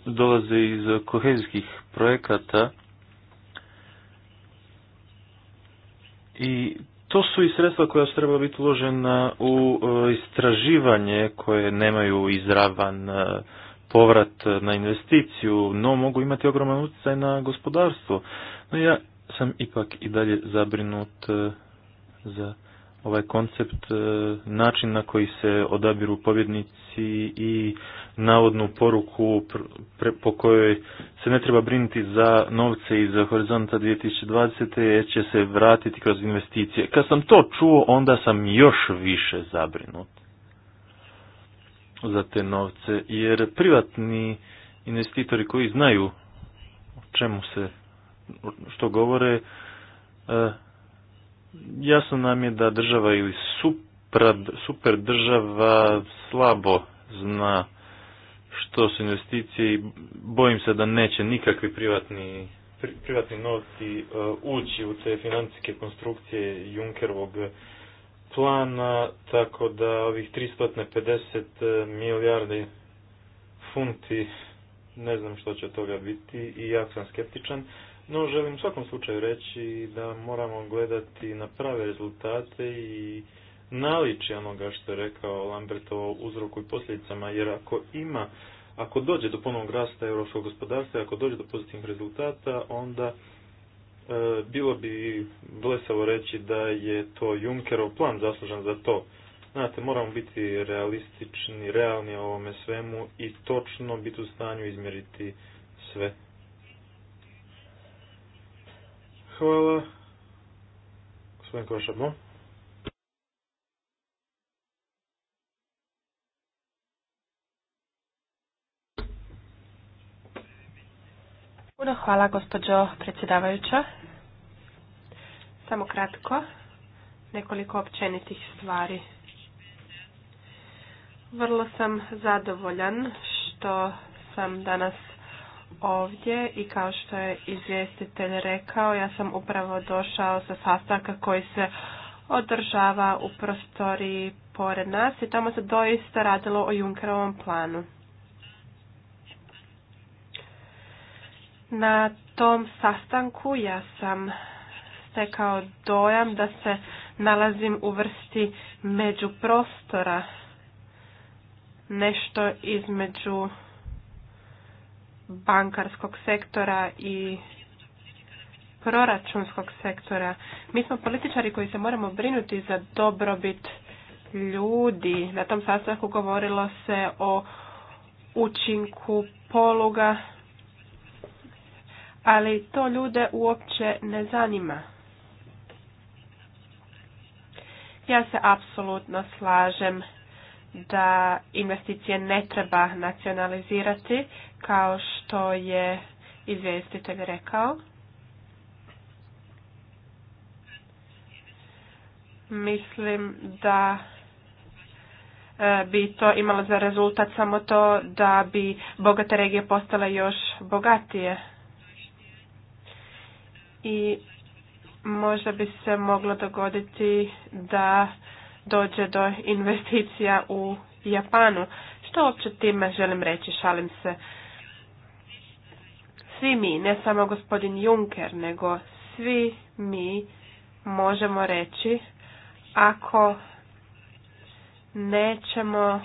dolaze iz kohezijskih projekata i to su i sredstva koja su biti uložena u e, istraživanje koje nemaju izravan e, povrat na investiciju, no mogu imati ogroman utjecaj na gospodarstvo. No ja sam ipak i dalje zabrinut e, za ovaj koncept, e, način na koji se odabiru pobjednici i navodnu poruku po kojoj se ne treba brinuti za novce iz Horizonta 2020. jer će se vratiti kroz investicije. Kad sam to čuo, onda sam još više zabrinut za te novce, jer privatni investitori koji znaju o čemu se, što govore, e, Jasno nam je da država ili super, super država slabo zna što su investicije i bojim se da neće nikakvi privatni privatni novci uh, ući u te financijske konstrukcije Junkerovog plana, tako da ovih 350 uh, milijardi funti, ne znam što će toga biti i ja sam skeptičan. No, želim u svakom slučaju reći da moramo gledati na prave rezultate i naliči onoga što je rekao Lambert o uzroku i posljedicama, jer ako ima, ako dođe do ponovnog rasta europskog gospodarstva ako dođe do pozitivnih rezultata, onda e, bilo bi blesavo reći da je to Junckerov plan zaslužan za to. Znate, moramo biti realistični, realni o ovome svemu i točno biti u stanju izmjeriti sve Hvala. Gospodin Puno hvala gospođo predsjedavajuća. Samo kratko, nekoliko općenitih stvari. Vrlo sam zadovoljan što sam danas ovdje i kao što je izvjestitelj rekao, ja sam upravo došao sa sastanka koji se održava u prostoriji pored nas i tamo se doista radilo o Junkerovom planu. Na tom sastanku ja sam stekao dojam da se nalazim u vrsti prostora. nešto između bankarskog sektora i proračunskog sektora. Mi smo političari koji se moramo brinuti za dobrobit ljudi. Na tom sastavku govorilo se o učinku poluga, ali to ljude uopće ne zanima. Ja se apsolutno slažem da investicije ne treba nacionalizirati kao što je izvjestitelj rekao. Mislim da e, bi to imalo za rezultat samo to da bi bogate regije postale još bogatije. I možda bi se moglo dogoditi da dođe do investicija u Japanu. Što uopće time želim reći, šalim se. Svi mi, ne samo gospodin Juncker, nego svi mi možemo reći ako nećemo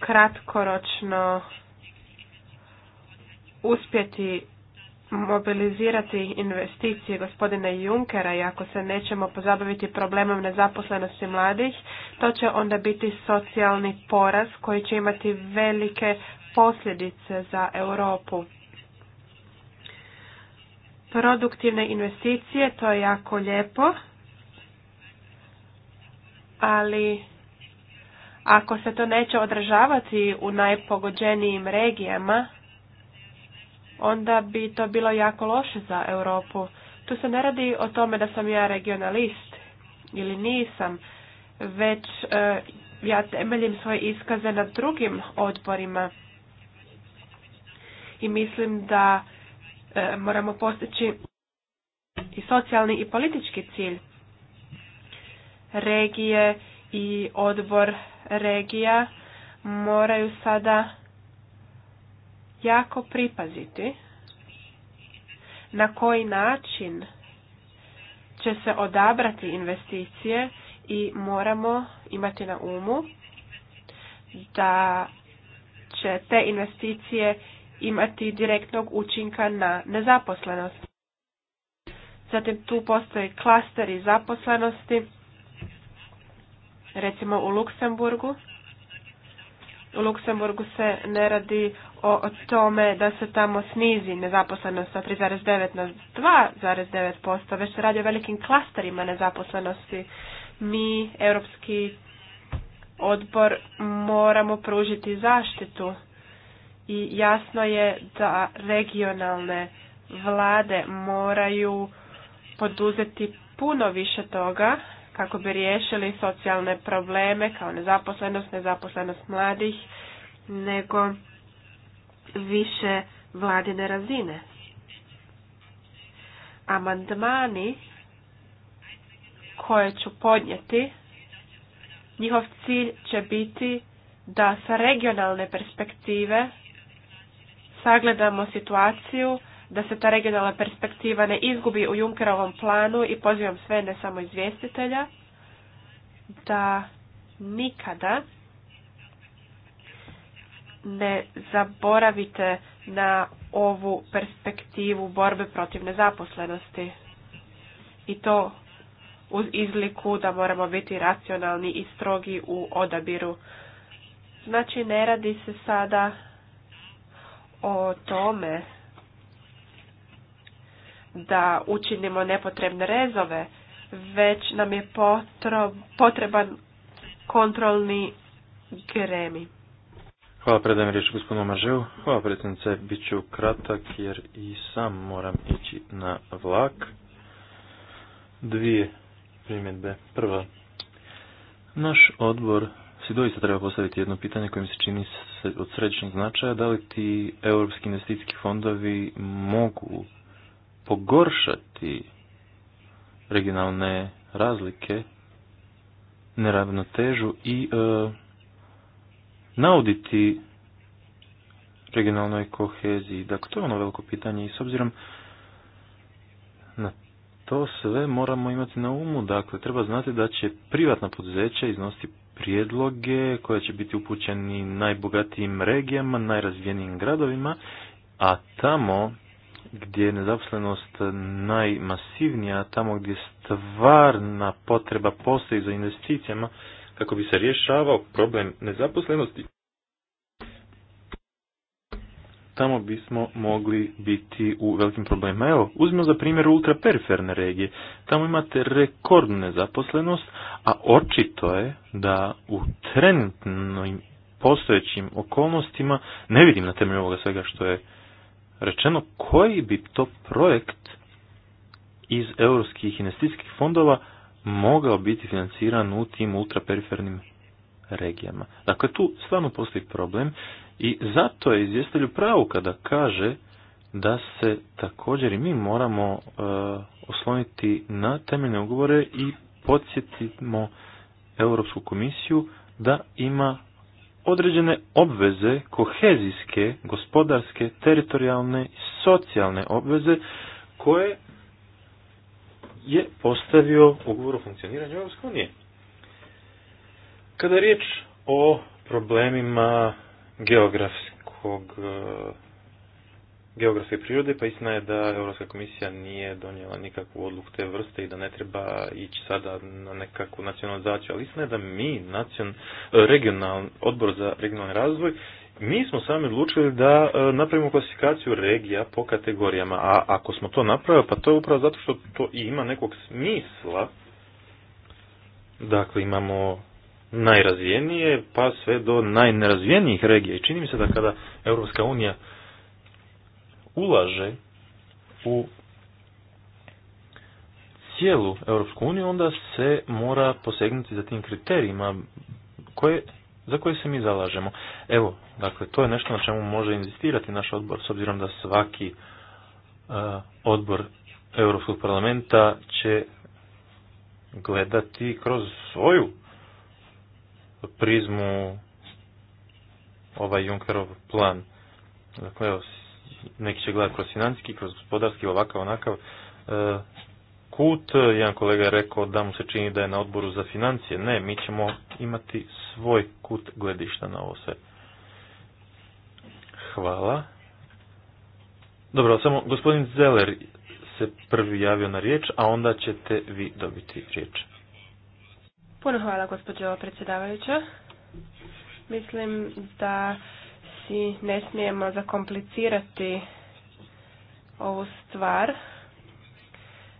kratkoročno uspjeti mobilizirati investicije gospodine Junkera i ako se nećemo pozabaviti problemom nezaposlenosti mladih, to će onda biti socijalni poraz koji će imati velike posljedice za Europu. Produktivne investicije, to je jako lijepo, ali ako se to neće odražavati u najpogođenijim regijama, onda bi to bilo jako loše za Europu. Tu se ne radi o tome da sam ja regionalist ili nisam, već eh, ja temeljim svoje iskaze na drugim odborima i mislim da eh, moramo postići i socijalni i politički cilj regije i odbor regija moraju sada jako pripaziti na koji način će se odabrati investicije i moramo imati na umu da će te investicije imati direktnog učinka na nezaposlenost. Zatim tu postoji klasteri zaposlenosti, recimo u Luksemburgu u Luksemburgu se ne radi o tome da se tamo snizi nezaposlenost sa 3,9 na 2,9%, već se radi o velikim klasterima nezaposlenosti. Mi, Europski odbor, moramo pružiti zaštitu i jasno je da regionalne vlade moraju poduzeti puno više toga kako bi riješili socijalne probleme kao nezaposlenost, nezaposlenost mladih, nego više vladine razine. Amandmani koje ću podnijeti, njihov cilj će biti da sa regionalne perspektive sagledamo situaciju da se ta regionalna perspektiva ne izgubi u Junkerovom planu i pozivam sve, ne samo izvjestitelja, da nikada ne zaboravite na ovu perspektivu borbe protiv nezaposlenosti. I to uz izliku da moramo biti racionalni i strogi u odabiru. Znači ne radi se sada o tome da učinimo nepotrebne rezove, već nam je potreban kontrolni gremi. Hvala, predajem riječ gospodinu Maževu. Hvala predsjednice, bit ću kratak jer i sam moram ići na vlak. Dvije primjedbe. Prva, naš odbor si doista treba postaviti jedno pitanje koje mi se čini od središnjeg značaja, da li ti europski investicijski fondovi mogu pogoršati regionalne razlike, neravnotežu i e, nauditi regionalnoj koheziji. Dakle, to je ono veliko pitanje i s obzirom na to sve moramo imati na umu. Dakle, treba znati da će privatna poduzeća iznositi prijedloge koje će biti upućeni najbogatijim regijama, najrazvijenijim gradovima, a tamo gdje je nezaposlenost najmasivnija, tamo gdje stvarna potreba postoji za investicijama, kako bi se rješavao problem nezaposlenosti, tamo bismo mogli biti u velikim problemima. Evo, uzmimo za primjer ultraperiferne regije. Tamo imate rekordnu nezaposlenost, a očito je da u trenutnim postojećim okolnostima, ne vidim na temelju ovoga svega što je rečeno koji bi to projekt iz europskih investicijskih fondova mogao biti financiran u tim ultraperifernim regijama. Dakle, tu stvarno postoji problem i zato je izvjestelju pravu kada kaže da se također i mi moramo e, osloniti na temeljne ugovore i podsjetimo Europsku komisiju da ima određene obveze, kohezijske, gospodarske, teritorijalne i socijalne obveze koje je postavio ugovor o funkcioniranju Europske unije. Kada je riječ o problemima geografskog geografske prirode, pa istina je da Europska komisija nije donijela nikakvu odluku te vrste i da ne treba ići sada na nekakvu nacionalizaciju, ali istina je da mi, nacion, regional, odbor za regionalni razvoj, mi smo sami odlučili da e, napravimo klasifikaciju regija po kategorijama, a ako smo to napravili, pa to je upravo zato što to ima nekog smisla. Dakle, imamo najrazvijenije, pa sve do najnerazvijenijih regija. I čini mi se da kada Europska unija ulaže u cijelu Europsku uniju, onda se mora posegnuti za tim kriterijima koje, za koje se mi zalažemo. Evo, dakle, to je nešto na čemu može inzistirati naš odbor, s obzirom da svaki e, odbor Europskog parlamenta će gledati kroz svoju prizmu ovaj Junkerov plan. Dakle, evo, neki će gledati kroz financijski, kroz gospodarski, ovakav, onakav e, kut. Jedan kolega je rekao da mu se čini da je na odboru za financije. Ne, mi ćemo imati svoj kut gledišta na ovo sve. Hvala. Dobro, samo gospodin Zeller se prvi javio na riječ, a onda ćete vi dobiti riječ. Puno hvala gospođo predsjedavajuća. Mislim da i ne smijemo zakomplicirati ovu stvar,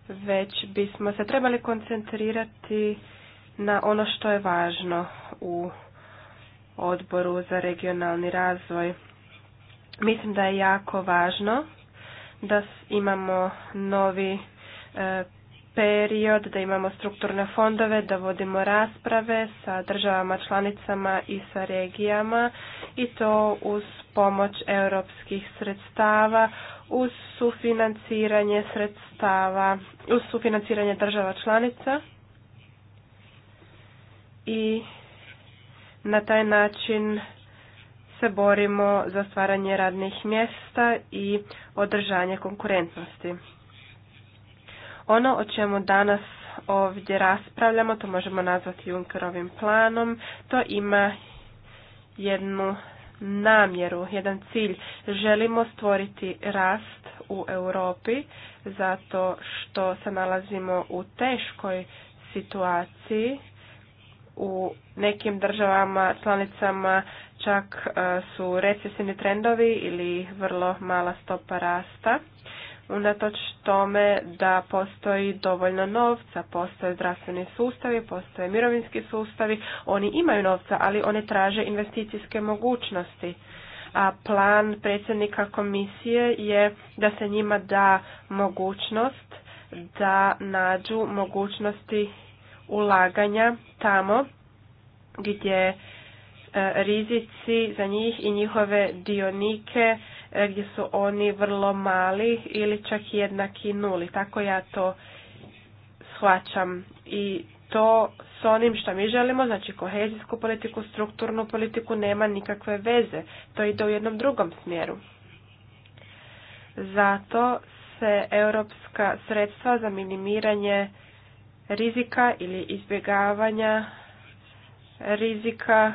već bismo se trebali koncentrirati na ono što je važno u odboru za regionalni razvoj. Mislim da je jako važno da imamo novi e, period, da imamo strukturne fondove, da vodimo rasprave sa državama članicama i sa regijama i to uz pomoć europskih sredstava, uz sufinanciranje sredstava, uz sufinanciranje država članica i na taj način se borimo za stvaranje radnih mjesta i održanje konkurentnosti. Ono o čemu danas ovdje raspravljamo, to možemo nazvati Junkerovim planom, to ima jednu namjeru, jedan cilj. Želimo stvoriti rast u Europi zato što se nalazimo u teškoj situaciji u nekim državama, članicama čak e, su recesivni trendovi ili vrlo mala stopa rasta unatoč tome da postoji dovoljno novca, postoje zdravstveni sustavi, postoje mirovinski sustavi, oni imaju novca, ali one traže investicijske mogućnosti. A plan predsjednika komisije je da se njima da mogućnost da nađu mogućnosti ulaganja tamo gdje e, rizici za njih i njihove dionike E, gdje su oni vrlo mali ili čak jednaki nuli. Tako ja to shvaćam i to s onim što mi želimo, znači kohezijsku politiku, strukturnu politiku, nema nikakve veze. To ide u jednom drugom smjeru. Zato se europska sredstva za minimiranje rizika ili izbjegavanja rizika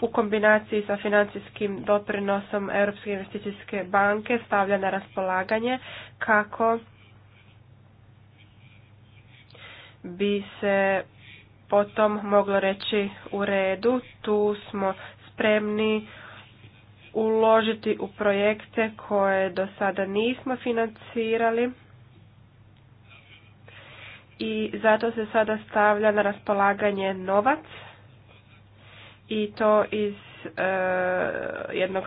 u kombinaciji sa financijskim doprinosom Europske investicijske banke stavlja na raspolaganje kako bi se potom moglo reći u redu, tu smo spremni uložiti u projekte koje do sada nismo financirali i zato se sada stavlja na raspolaganje novac i to iz e, jednog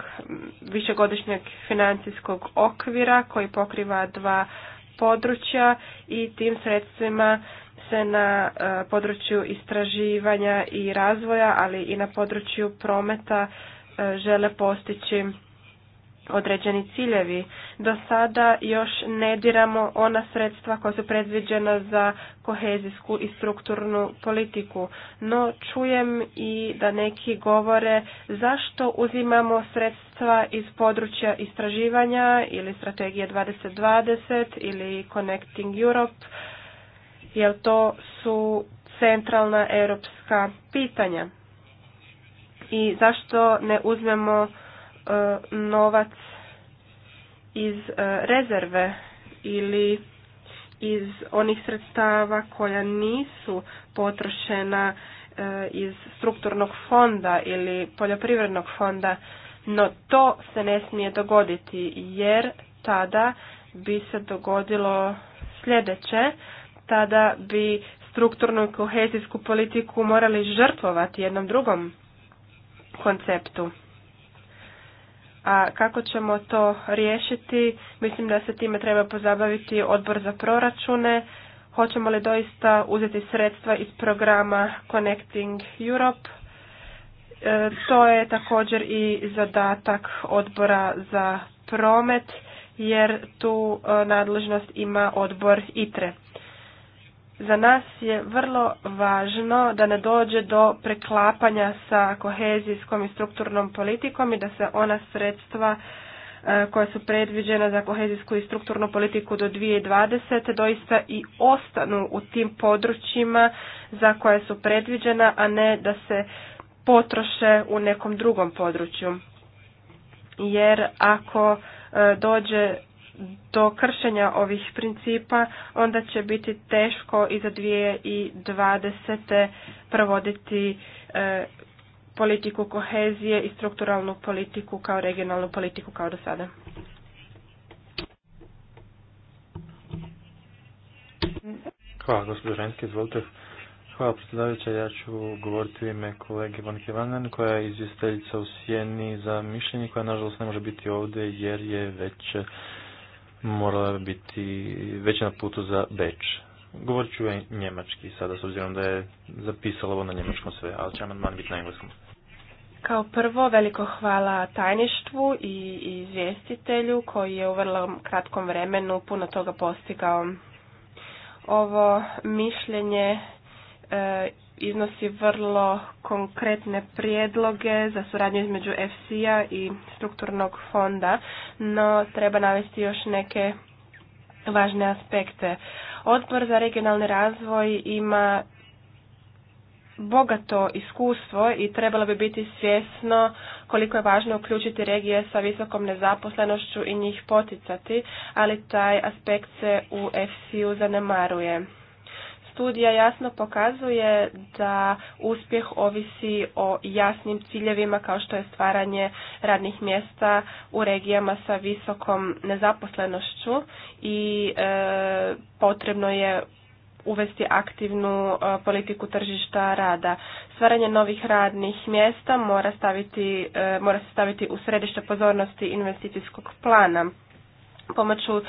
višegodišnjeg financijskog okvira koji pokriva dva područja i tim sredstvima se na e, području istraživanja i razvoja, ali i na području prometa e, žele postići određeni ciljevi. Do sada još ne diramo ona sredstva koja su predviđena za kohezijsku i strukturnu politiku, no čujem i da neki govore zašto uzimamo sredstva iz područja istraživanja ili strategije 2020 ili Connecting Europe, jer to su centralna europska pitanja. I zašto ne uzmemo E, novac iz e, rezerve ili iz onih sredstava koja nisu potrošena e, iz strukturnog fonda ili poljoprivrednog fonda, no to se ne smije dogoditi jer tada bi se dogodilo sljedeće, tada bi strukturnu i kohezijsku politiku morali žrtvovati jednom drugom konceptu. A kako ćemo to riješiti? Mislim da se time treba pozabaviti odbor za proračune. Hoćemo li doista uzeti sredstva iz programa Connecting Europe? E, to je također i zadatak odbora za promet jer tu e, nadležnost ima odbor ITRE. Za nas je vrlo važno da ne dođe do preklapanja sa kohezijskom i strukturnom politikom i da se ona sredstva e, koja su predviđena za kohezijsku i strukturnu politiku do 2020. doista i ostanu u tim područjima za koja su predviđena, a ne da se potroše u nekom drugom području. Jer ako e, dođe do kršenja ovih principa, onda će biti teško i za 2020. provoditi e, politiku kohezije i strukturalnu politiku kao regionalnu politiku kao do sada. Hvala, gospođo Renske, izvolite. Hvala, predsjedavajuća. Ja ću govoriti u ime kolege Bonke Kivanen, koja je izvjesteljica u Sjeni za mišljenje, koja nažalost ne može biti ovdje jer je već morala biti već na putu za Beč. Govorit ću njemački sada, s obzirom da je zapisalo ovo na njemačkom sve, ali će amandman biti na engleskom. Kao prvo, veliko hvala tajništvu i izvjestitelju koji je u vrlo kratkom vremenu puno toga postigao. Ovo mišljenje E, iznosi vrlo konkretne prijedloge za suradnju između FC-a i strukturnog fonda, no treba navesti još neke važne aspekte. Odbor za regionalni razvoj ima bogato iskustvo i trebalo bi biti svjesno koliko je važno uključiti regije sa visokom nezaposlenošću i njih poticati, ali taj aspekt se u FC-u zanemaruje studija jasno pokazuje da uspjeh ovisi o jasnim ciljevima kao što je stvaranje radnih mjesta u regijama sa visokom nezaposlenošću i e, potrebno je uvesti aktivnu e, politiku tržišta rada. Stvaranje novih radnih mjesta mora, staviti, e, mora se staviti u središte pozornosti investicijskog plana. Pomoću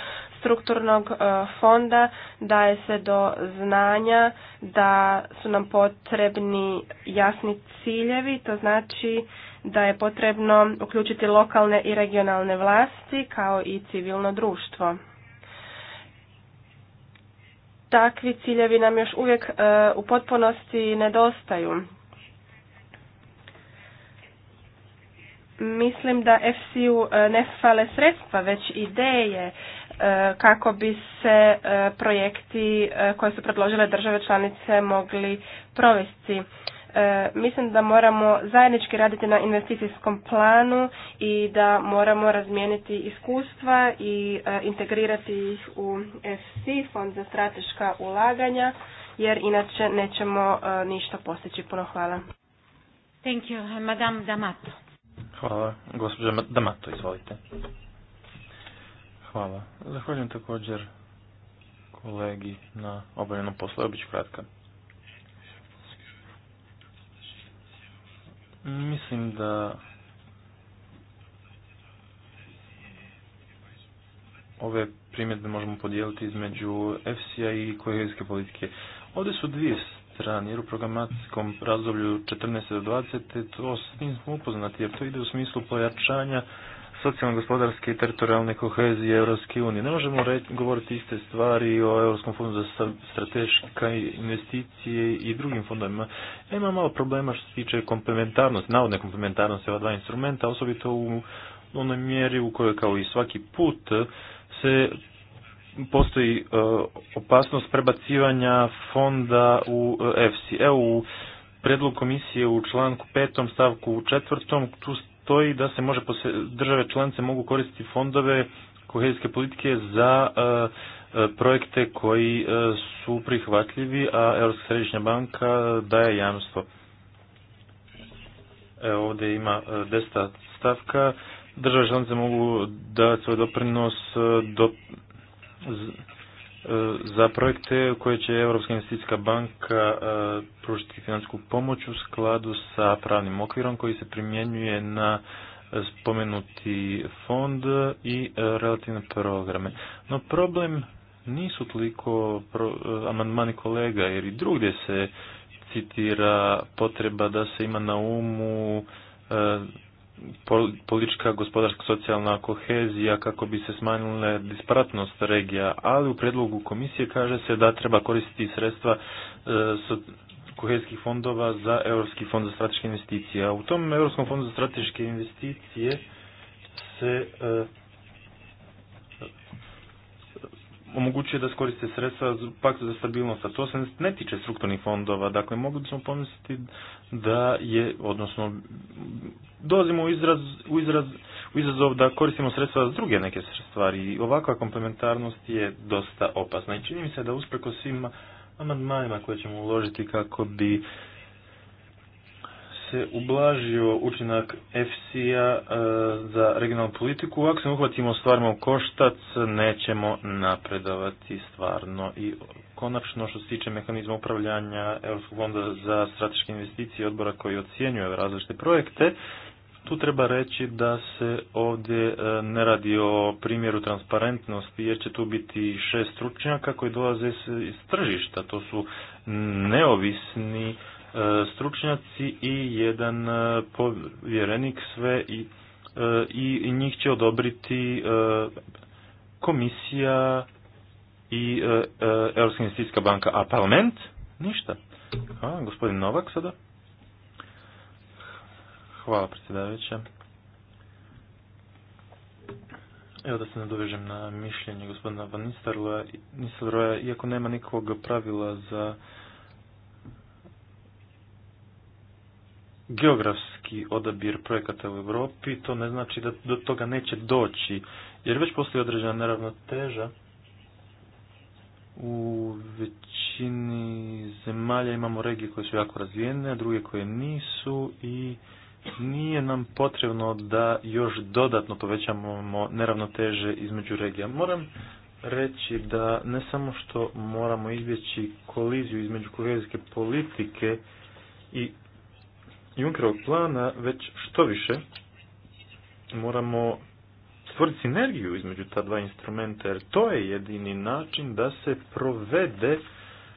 strukturnog e, fonda daje se do znanja da su nam potrebni jasni ciljevi, to znači da je potrebno uključiti lokalne i regionalne vlasti kao i civilno društvo. Takvi ciljevi nam još uvijek e, u potpunosti nedostaju. Mislim da FCU e, ne fale sredstva, već ideje, E, kako bi se e, projekti e, koje su predložile države članice mogli provesti. Mislim da moramo zajednički raditi na investicijskom planu i da moramo razmijeniti iskustva i integrirati ih u FC, Fond za strateška ulaganja, jer inače nećemo ništa postići. Puno hvala. Thank you, Madame D'Amato. Hvala, gospođa D'Amato, izvolite. Hvala. Zahvaljujem također kolegi na obavljenom poslu. ću kratka. Mislim da ove primjedbe možemo podijeliti između FCA i kohezijske politike. Ovdje su dvije strane, jer u programatskom razdoblju 14 do 20, to s tim smo upoznati, jer to ide u smislu pojačanja socijalno gospodarske i teritorijalne kohezije Europske unije. Ne možemo govoriti iste stvari o Europskom fondu za strateška investicije i drugim fondovima. Ja malo problema što se tiče komplementarnosti, navodne komplementarnosti ova dva instrumenta, osobito u onoj mjeri u kojoj kao i svaki put se postoji e, opasnost prebacivanja fonda u EFSI. Evo u predlog komisije u članku petom stavku četvrtom tu stoji da se može države članice mogu koristiti fondove kohezijske politike za e, e, projekte koji e, su prihvatljivi, a Europska središnja banka daje jamstvo. Evo ovdje ima desta stavka. Države članice mogu dati svoj doprinos do za projekte koje će Europska investicijska banka e, pružiti financijsku pomoć u skladu sa pravnim okvirom koji se primjenjuje na spomenuti fond i e, relativne programe. No problem nisu toliko e, amandmani kolega jer i drugdje se citira potreba da se ima na umu politička, gospodarska, socijalna kohezija kako bi se smanjile disparatnost regija, ali u predlogu komisije kaže se da treba koristiti sredstva e, kohezijskih fondova za Europski fond za strateške investicije. u tom Europskom fondu za strateške investicije se e, omogućuje da skoriste sredstva pak za stabilnost, a to se ne tiče strukturnih fondova. Dakle, mogli bismo pomisliti da je, odnosno, dolazimo u izraz, u izraz, u izazov da koristimo sredstva za druge neke stvari. I ovakva komplementarnost je dosta opasna. I čini mi se da uspreko svim amandmanima koje ćemo uložiti kako bi se ublažio učinak FC-a e, za regionalnu politiku, ako se uhvatimo stvarno u koštac, nećemo napredovati stvarno. I konačno što se tiče mehanizma upravljanja Europskog fonda za strateške investicije odbora koji ocjenjuje različite projekte, tu treba reći da se ovdje e, ne radi o primjeru transparentnosti jer će tu biti šest stručnjaka koji dolaze iz tržišta. To su neovisni stručnjaci i jedan e, povjerenik sve e, i, i njih će odobriti e, komisija i Europska investicijska banka. A parlament? Ništa. A, gospodin Novak sada. Hvala predsjedavajuća. Evo da se nadovežem na mišljenje gospodina Van Nistelroja, iako nema nikog pravila za geografski odabir projekata u Europi, to ne znači da do toga neće doći, jer već postoji određena neravnoteža. U većini zemalja imamo regije koje su jako razvijene, a druge koje nisu i nije nam potrebno da još dodatno povećamo neravnoteže između regija. Moram reći da ne samo što moramo izbjeći koliziju između kohezijske politike i Junkerovog plana, već što više moramo stvoriti sinergiju između ta dva instrumenta, jer to je jedini način da se provede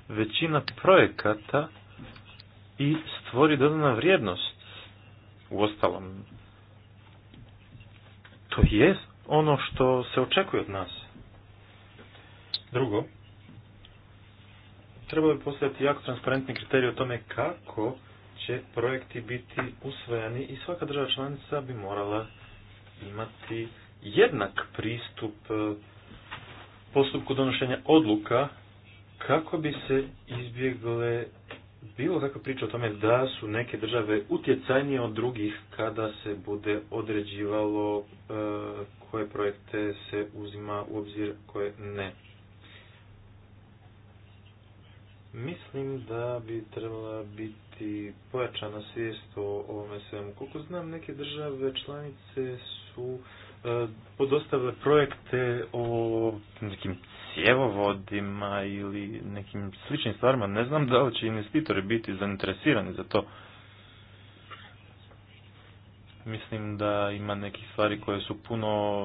većina projekata i stvori dodana vrijednost u ostalom. To je ono što se očekuje od nas. Drugo, treba bi postaviti jako transparentni kriterij o tome kako projekti biti usvojeni i svaka država članica bi morala imati jednak pristup e, postupku donošenja odluka kako bi se izbjegle bilo kakva priča o tome da su neke države utjecajnije od drugih kada se bude određivalo e, koje projekte se uzima u obzir, koje ne. Mislim da bi trebala biti i pojačana svijest o ovome svemu. Koliko znam, neke države članice su e, podostavile projekte o nekim cjevovodima ili nekim sličnim stvarima. Ne znam da li će investitori biti zainteresirani za to mislim da ima nekih stvari koje su puno,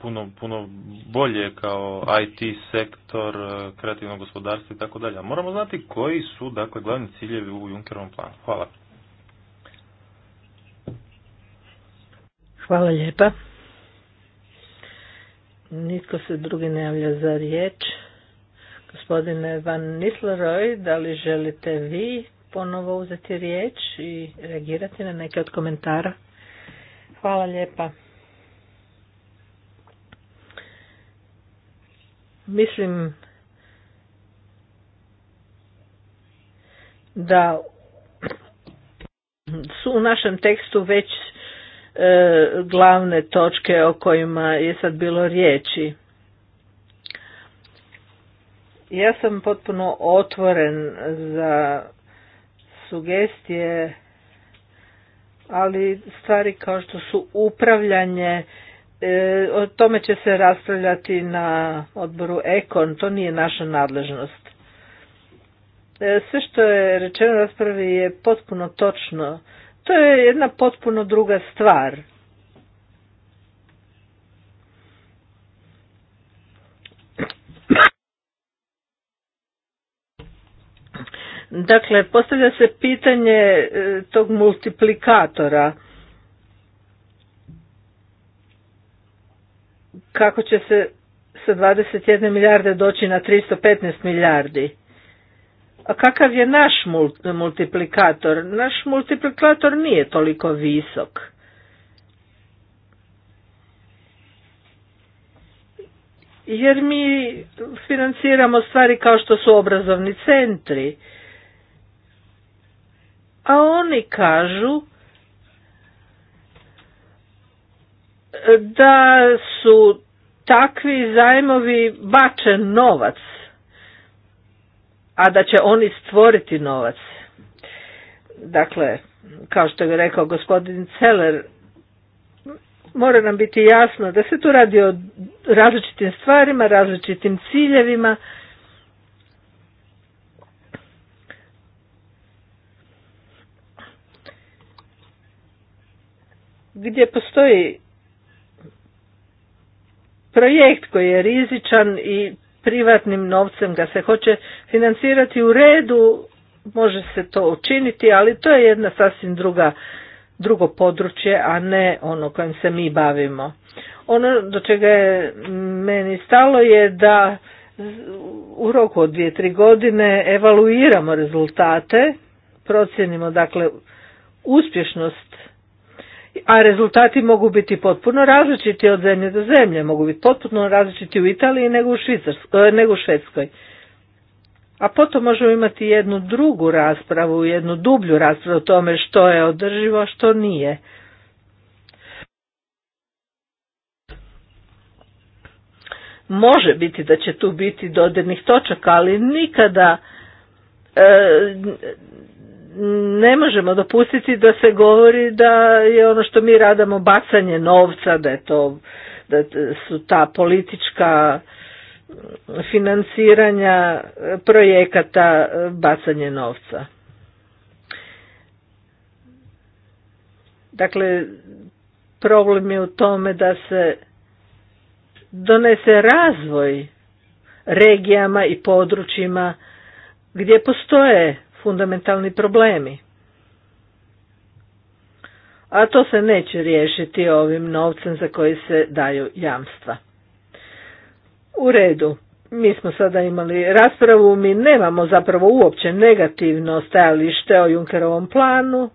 puno, puno bolje kao IT sektor, kreativno gospodarstvo i tako dalje. Moramo znati koji su dakle glavni ciljevi u Junkerovom planu. Hvala. Hvala lijepa. Nitko se drugi ne javlja za riječ. Gospodine Van Nisleroy, da li želite vi ponovo uzeti riječ i reagirati na neke od komentara? Hvala lijepa. Mislim da su u našem tekstu već e, glavne točke o kojima je sad bilo riječi. Ja sam potpuno otvoren za sugestije ali stvari kao što su upravljanje, e, o tome će se raspravljati na odboru Ekon, to nije naša nadležnost. E, sve što je rečeno u raspravi je potpuno točno. To je jedna potpuno druga stvar. Dakle, postavlja se pitanje e, tog multiplikatora. Kako će se sa 21 milijarde doći na 315 milijardi? A kakav je naš multiplikator? Naš multiplikator nije toliko visok. Jer mi financiramo stvari kao što su obrazovni centri a oni kažu da su takvi zajmovi bačen novac, a da će oni stvoriti novac. Dakle, kao što je rekao gospodin Celer, mora nam biti jasno da se tu radi o različitim stvarima, različitim ciljevima gdje postoji projekt koji je rizičan i privatnim novcem ga se hoće financirati u redu, može se to učiniti, ali to je jedna sasvim druga, drugo područje, a ne ono kojim se mi bavimo. Ono do čega je meni stalo je da u roku od dvije, tri godine evaluiramo rezultate, procjenimo dakle uspješnost a rezultati mogu biti potpuno različiti od zemlje do zemlje, mogu biti potpuno različiti u Italiji nego u, e, nego u Švedskoj. A potom možemo imati jednu drugu raspravu, jednu dublju raspravu o tome što je održivo, a što nije. Može biti da će tu biti dodirnih točaka, ali nikada e, ne možemo dopustiti da se govori da je ono što mi radimo bacanje novca, da je to da su ta politička financiranja projekata bacanje novca. Dakle, problem je u tome da se donese razvoj regijama i područjima gdje postoje fundamentalni problemi. A to se neće riješiti ovim novcem za koji se daju jamstva. U redu, mi smo sada imali raspravu, mi nemamo zapravo uopće negativno stajalište o Junkerovom planu.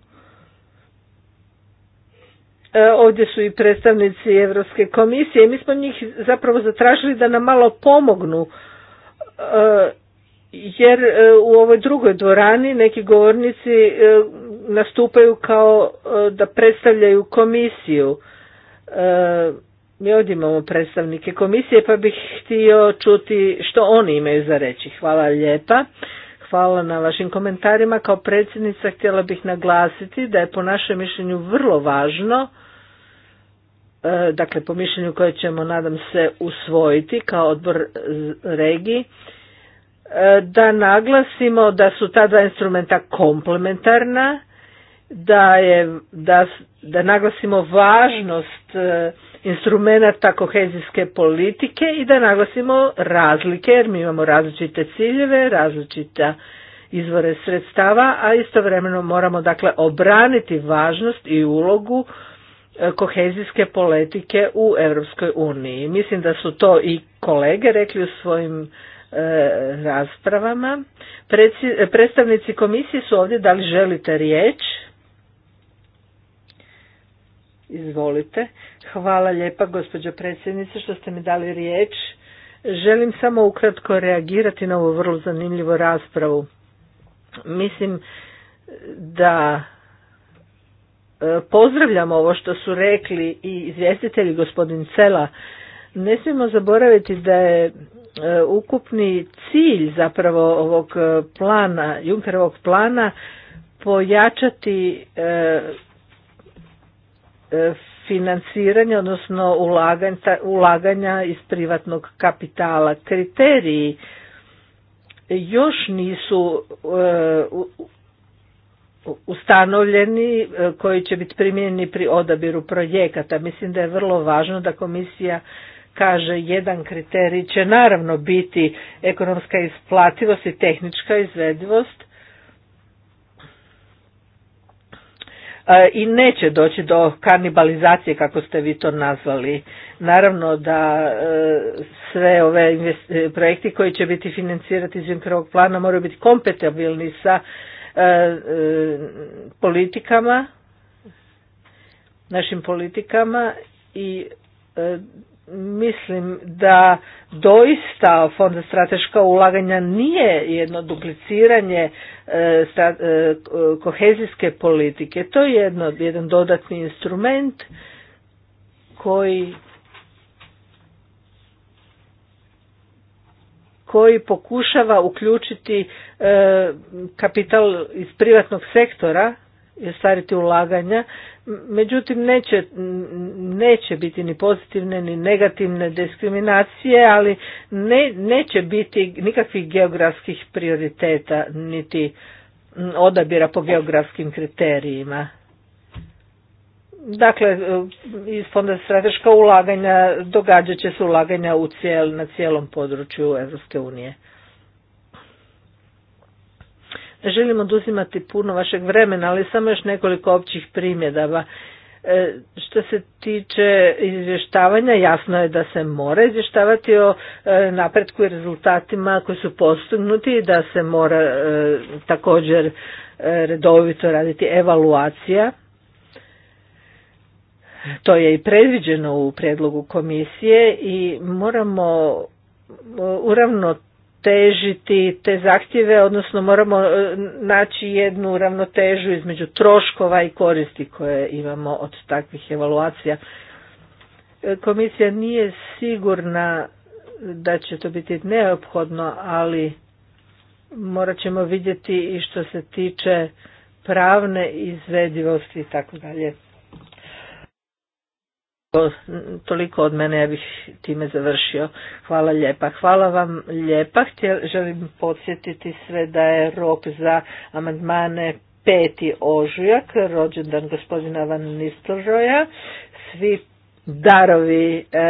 E, ovdje su i predstavnici Europske komisije i mi smo njih zapravo zatražili da nam malo pomognu e, jer e, u ovoj drugoj dvorani neki govornici e, nastupaju kao e, da predstavljaju komisiju. Mi ovdje imamo predstavnike komisije pa bih htio čuti što oni imaju za reći. Hvala lijepa. Hvala na vašim komentarima. Kao predsjednica htjela bih naglasiti da je po našem mišljenju vrlo važno, dakle po mišljenju koje ćemo nadam se usvojiti kao odbor regiji, E, da naglasimo da su ta dva instrumenta komplementarna, da, je, da, da naglasimo važnost e, instrumenta kohezijske politike i da naglasimo razlike, jer mi imamo različite ciljeve, različita izvore sredstava, a istovremeno moramo dakle obraniti važnost i ulogu e, kohezijske politike u Europskoj uniji. Mislim da su to i kolege rekli u svojim E, raspravama. Predstavnici komisije su ovdje, da li želite riječ? Izvolite. Hvala lijepa gospođo predsjednice što ste mi dali riječ. Želim samo ukratko reagirati na ovu vrlo zanimljivu raspravu. Mislim da e, pozdravljam ovo što su rekli i izvjestitelji gospodin Cela. Ne smijemo zaboraviti da je E, ukupni cilj zapravo ovog e, plana, Junkerovog plana pojačati e, financiranje, odnosno ulaganja iz privatnog kapitala. Kriteriji još nisu ustanovljeni koji će biti primijenjeni pri odabiru projekata. Mislim da je vrlo važno da komisija kaže jedan kriterij će naravno biti ekonomska isplativost i tehnička izvedivost i neće doći do kanibalizacije kako ste vi to nazvali. Naravno da e, sve ove e, projekti koji će biti financirati iz prvog plana moraju biti kompatibilni sa e, politikama, našim politikama i mislim da doista fond za strateška ulaganja nije jedno dupliciranje e, e, kohezijske politike. To je jedno, jedan dodatni instrument koji koji pokušava uključiti e, kapital iz privatnog sektora i ostvariti ulaganja Međutim, neće, neće biti ni pozitivne ni negativne diskriminacije, ali ne, neće biti nikakvih geografskih prioriteta niti odabira po geografskim kriterijima. Dakle, iz fonda strateška ulaganja događat će se ulaganja u cijel, na cijelom području Europske unije. Ne želim oduzimati puno vašeg vremena, ali samo još nekoliko općih primjedaba. E, što se tiče izvještavanja, jasno je da se mora izvještavati o e, napretku i rezultatima koji su postignuti i da se mora e, također redovito raditi evaluacija. To je i predviđeno u predlogu komisije i moramo uravno uravnotežiti te zahtjeve, odnosno moramo e, naći jednu ravnotežu između troškova i koristi koje imamo od takvih evaluacija. E, komisija nije sigurna da će to biti neophodno, ali morat ćemo vidjeti i što se tiče pravne izvedivosti i tako dalje toliko od mene, ja bih time završio. Hvala lijepa. Hvala vam lijepa. želim podsjetiti sve da je rok za amandmane peti ožujak, rođendan gospodina Van Nistožoja. Svi darovi e,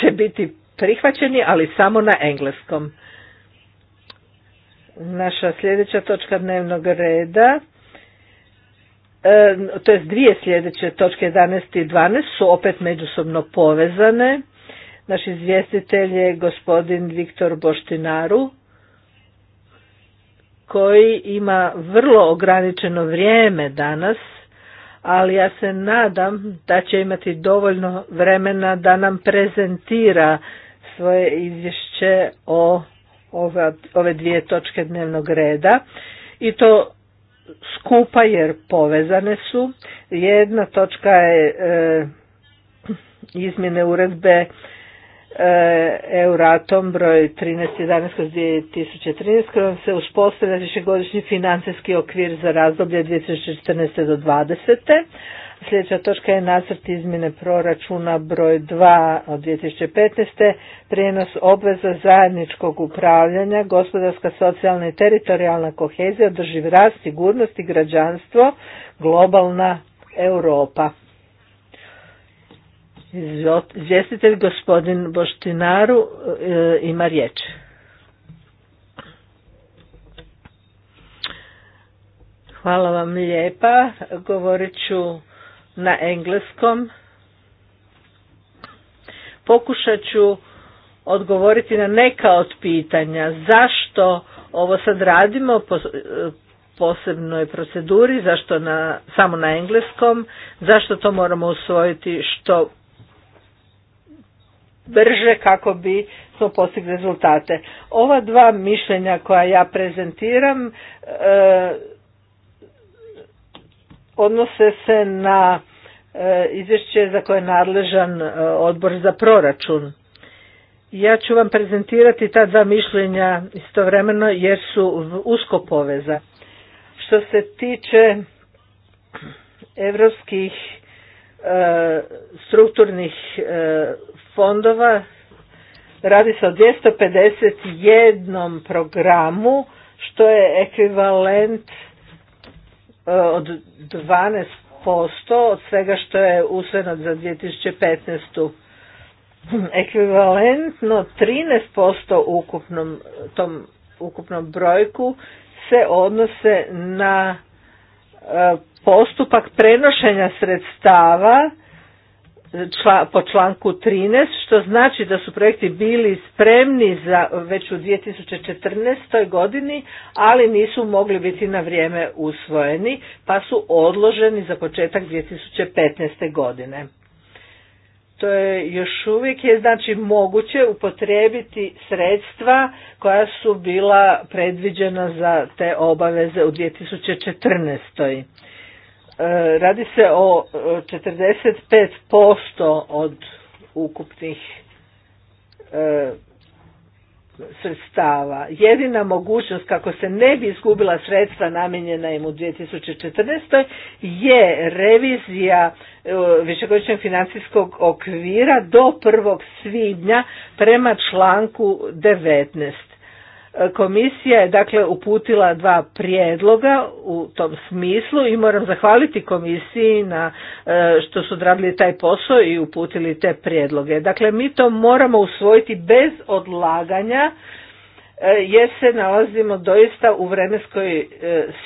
će biti prihvaćeni, ali samo na engleskom. Naša sljedeća točka dnevnog reda to jest dvije sljedeće točke 11 i 12 su opet međusobno povezane. Naš izvjestitelj je gospodin Viktor Boštinaru koji ima vrlo ograničeno vrijeme danas, ali ja se nadam da će imati dovoljno vremena da nam prezentira svoje izvješće o ove dvije točke dnevnog reda i to skupa jer povezane su. Jedna točka je e, izmjene uredbe e, Euratom broj 13.11.2013 kojom se uspostavlja višegodišnji financijski okvir za razdoblje 2014. do 2020. Sljedeća točka je nacrt izmjene proračuna broj 2 od 2015. Prijenos obveza zajedničkog upravljanja, gospodarska, socijalna i teritorijalna kohezija, drži rast, sigurnost i građanstvo, globalna Europa. Izvjestitelj gospodin Boštinaru e, ima riječ. Hvala vam lijepa. Govorit ću na engleskom. Pokušat ću odgovoriti na neka od pitanja. Zašto ovo sad radimo po e, posebnoj proceduri, zašto na, samo na engleskom, zašto to moramo usvojiti što brže kako bi smo postigli rezultate. Ova dva mišljenja koja ja prezentiram e, odnose se na e, izvješće za koje je nadležan e, odbor za proračun. Ja ću vam prezentirati ta dva mišljenja istovremeno jer su usko poveza. Što se tiče evropskih e, strukturnih fondova radi se o 251 programu što je ekvivalent od 12% od svega što je usvojeno za 2015. Ekvivalentno 13% ukupnom, tom ukupnom brojku se odnose na e, postupak prenošenja sredstava čla, po članku 13, što znači da su projekti bili spremni za već u 2014. godini, ali nisu mogli biti na vrijeme usvojeni, pa su odloženi za početak 2015. godine. To je još uvijek je znači moguće upotrijebiti sredstva koja su bila predviđena za te obaveze u 2014. E, radi se o 45% e, od ukupnih e, sredstava. Jedina mogućnost kako se ne bi izgubila sredstva namijenjena im u 2014. je revizija višegodišnjeg financijskog okvira do 1. svibnja prema članku 19. Komisija je dakle uputila dva prijedloga u tom smislu i moram zahvaliti komisiji na e, što su odradili taj posao i uputili te prijedloge. Dakle, mi to moramo usvojiti bez odlaganja e, jer se nalazimo doista u vremenskoj e,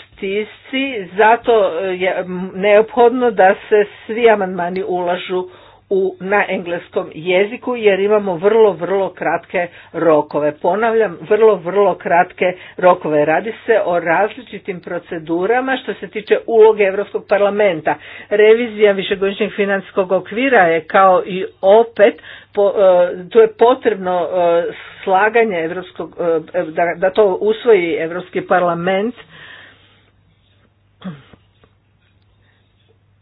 stisci, zato je neophodno da se svi amandmani ulažu u, na engleskom jeziku jer imamo vrlo, vrlo kratke rokove. Ponavljam, vrlo, vrlo kratke rokove. Radi se o različitim procedurama što se tiče uloge Europskog parlamenta. Revizija višegodišnjeg financijskog okvira je kao i opet, po, e, tu je potrebno e, slaganje Evropskog, e, da, da to usvoji Europski parlament.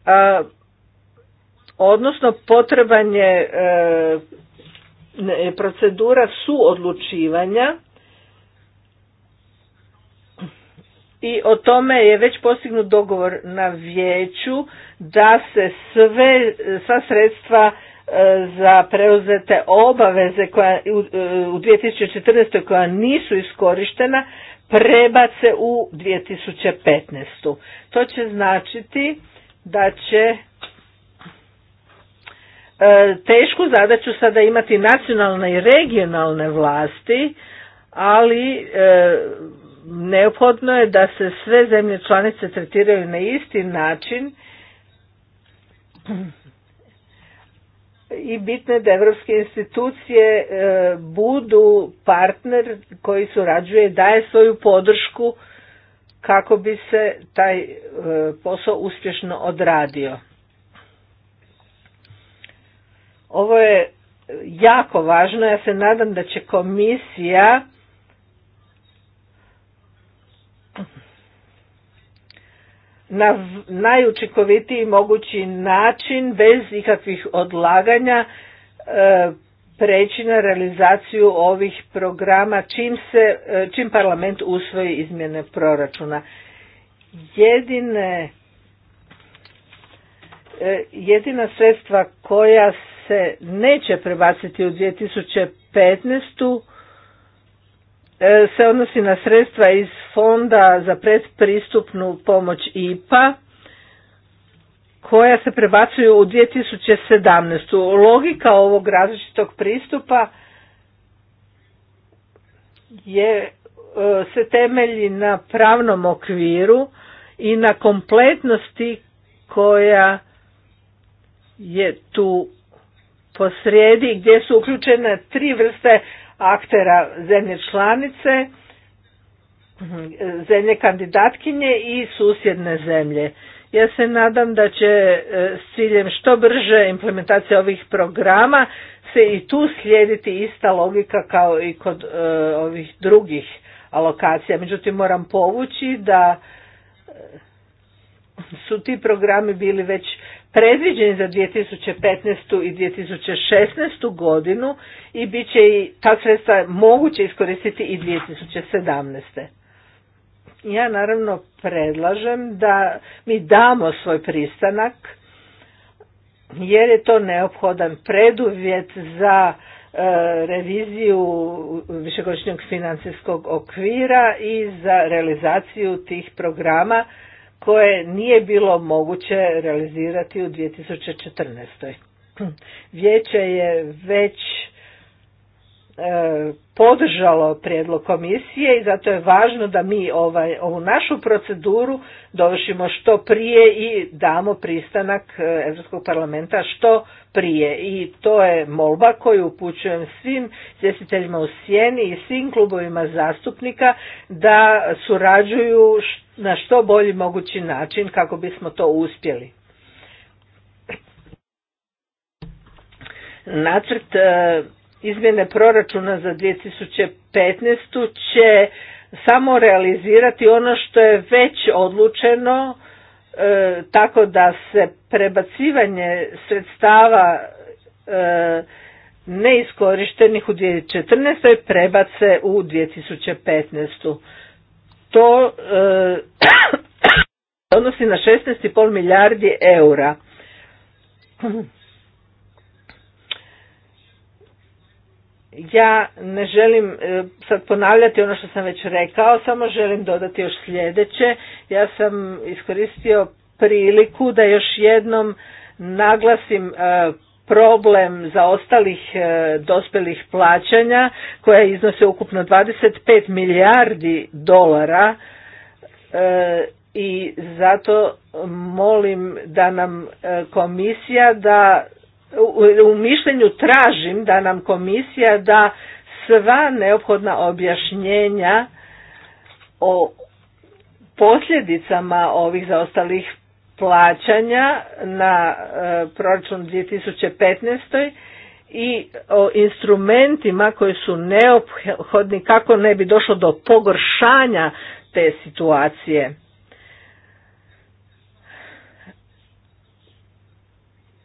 A, odnosno potrebanje je e, procedura suodlučivanja i o tome je već postignut dogovor na vijeću da se sve, sva sredstva e, za preuzete obaveze koja u 2014. E, koja nisu iskorištena prebace u 2015. To će značiti da će E, tešku zadaću sada imati nacionalne i regionalne vlasti, ali e, neophodno je da se sve zemlje članice tretiraju na isti način i bitno je da evropske institucije e, budu partner koji surađuje i daje svoju podršku kako bi se taj posao uspješno odradio. Ovo je jako važno, ja se nadam da će komisija na najučinkovitiji mogući način bez ikakvih odlaganja e, preći na realizaciju ovih programa čim, se, e, čim parlament usvoji izmjene proračuna. Jedine, e, jedina sredstva koja se neće prebaciti u 2015 e, se odnosi na sredstva iz fonda za predpristupnu pomoć IPA koja se prebacuju u 2017. Logika ovog različitog pristupa je e, se temelji na pravnom okviru i na kompletnosti koja je tu sredi gdje su uključene tri vrste aktera zemlje članice, mhm, zemlje kandidatkinje i susjedne zemlje. Ja se nadam da će e, s ciljem što brže implementacije ovih programa se i tu slijediti ista logika kao i kod e, ovih drugih alokacija. Međutim, moram povući da e, su ti programi bili već predviđeni za 2015. i 2016. godinu i bit će i ta sredstva moguće iskoristiti i 2017. Ja naravno predlažem da mi damo svoj pristanak jer je to neophodan preduvjet za e, reviziju višegodišnjeg financijskog okvira i za realizaciju tih programa koje nije bilo moguće realizirati u 2014. [clears throat] Vijeće je već E, podržalo prijedlog komisije i zato je važno da mi ovaj, ovu našu proceduru dovršimo što prije i damo pristanak Europskog parlamenta što prije. I to je molba koju upućujem svim svjestiteljima u sjeni i svim klubovima zastupnika da surađuju na što bolji mogući način kako bismo to uspjeli. Nacrt e, izmjene proračuna za 2015. će samo realizirati ono što je već odlučeno e, tako da se prebacivanje sredstava e, neiskorištenih u 2014. prebace u 2015. To e, [coughs] odnosi na 16,5 milijardi eura. ja ne želim e, sad ponavljati ono što sam već rekao, samo želim dodati još sljedeće. Ja sam iskoristio priliku da još jednom naglasim e, problem za ostalih e, dospelih plaćanja koja iznose ukupno 25 milijardi dolara i zato molim da nam komisija da u, mišljenju tražim da nam komisija da sva neophodna objašnjenja o posljedicama ovih zaostalih plaćanja na e, proračun 2015. i o instrumentima koji su neophodni kako ne bi došlo do pogoršanja te situacije.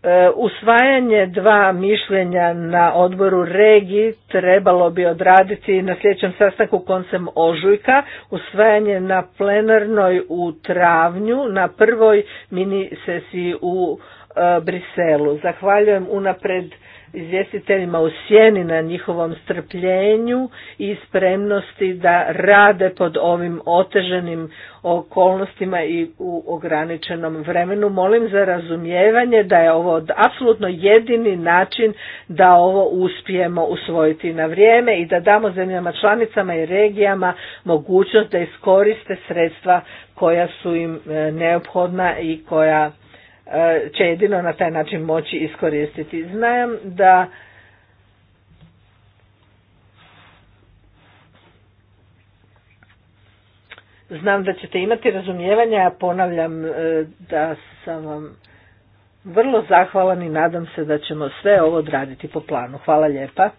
E, usvajanje dva mišljenja na odboru regiji trebalo bi odraditi na sljedećem sastanku koncem ožujka, usvajanje na plenarnoj u travnju na prvoj mini sesiji u e, Briselu. Zahvaljujem unapred izvjestiteljima u sjeni na njihovom strpljenju i spremnosti da rade pod ovim oteženim okolnostima i u ograničenom vremenu. Molim za razumijevanje da je ovo apsolutno jedini način da ovo uspijemo usvojiti na vrijeme i da damo zemljama članicama i regijama mogućnost da iskoriste sredstva koja su im e, neophodna i koja će jedino na taj način moći iskoristiti. Znam da znam da ćete imati razumijevanja, ja ponavljam e, da sam vam vrlo zahvalan i nadam se da ćemo sve ovo odraditi po planu. Hvala lijepa.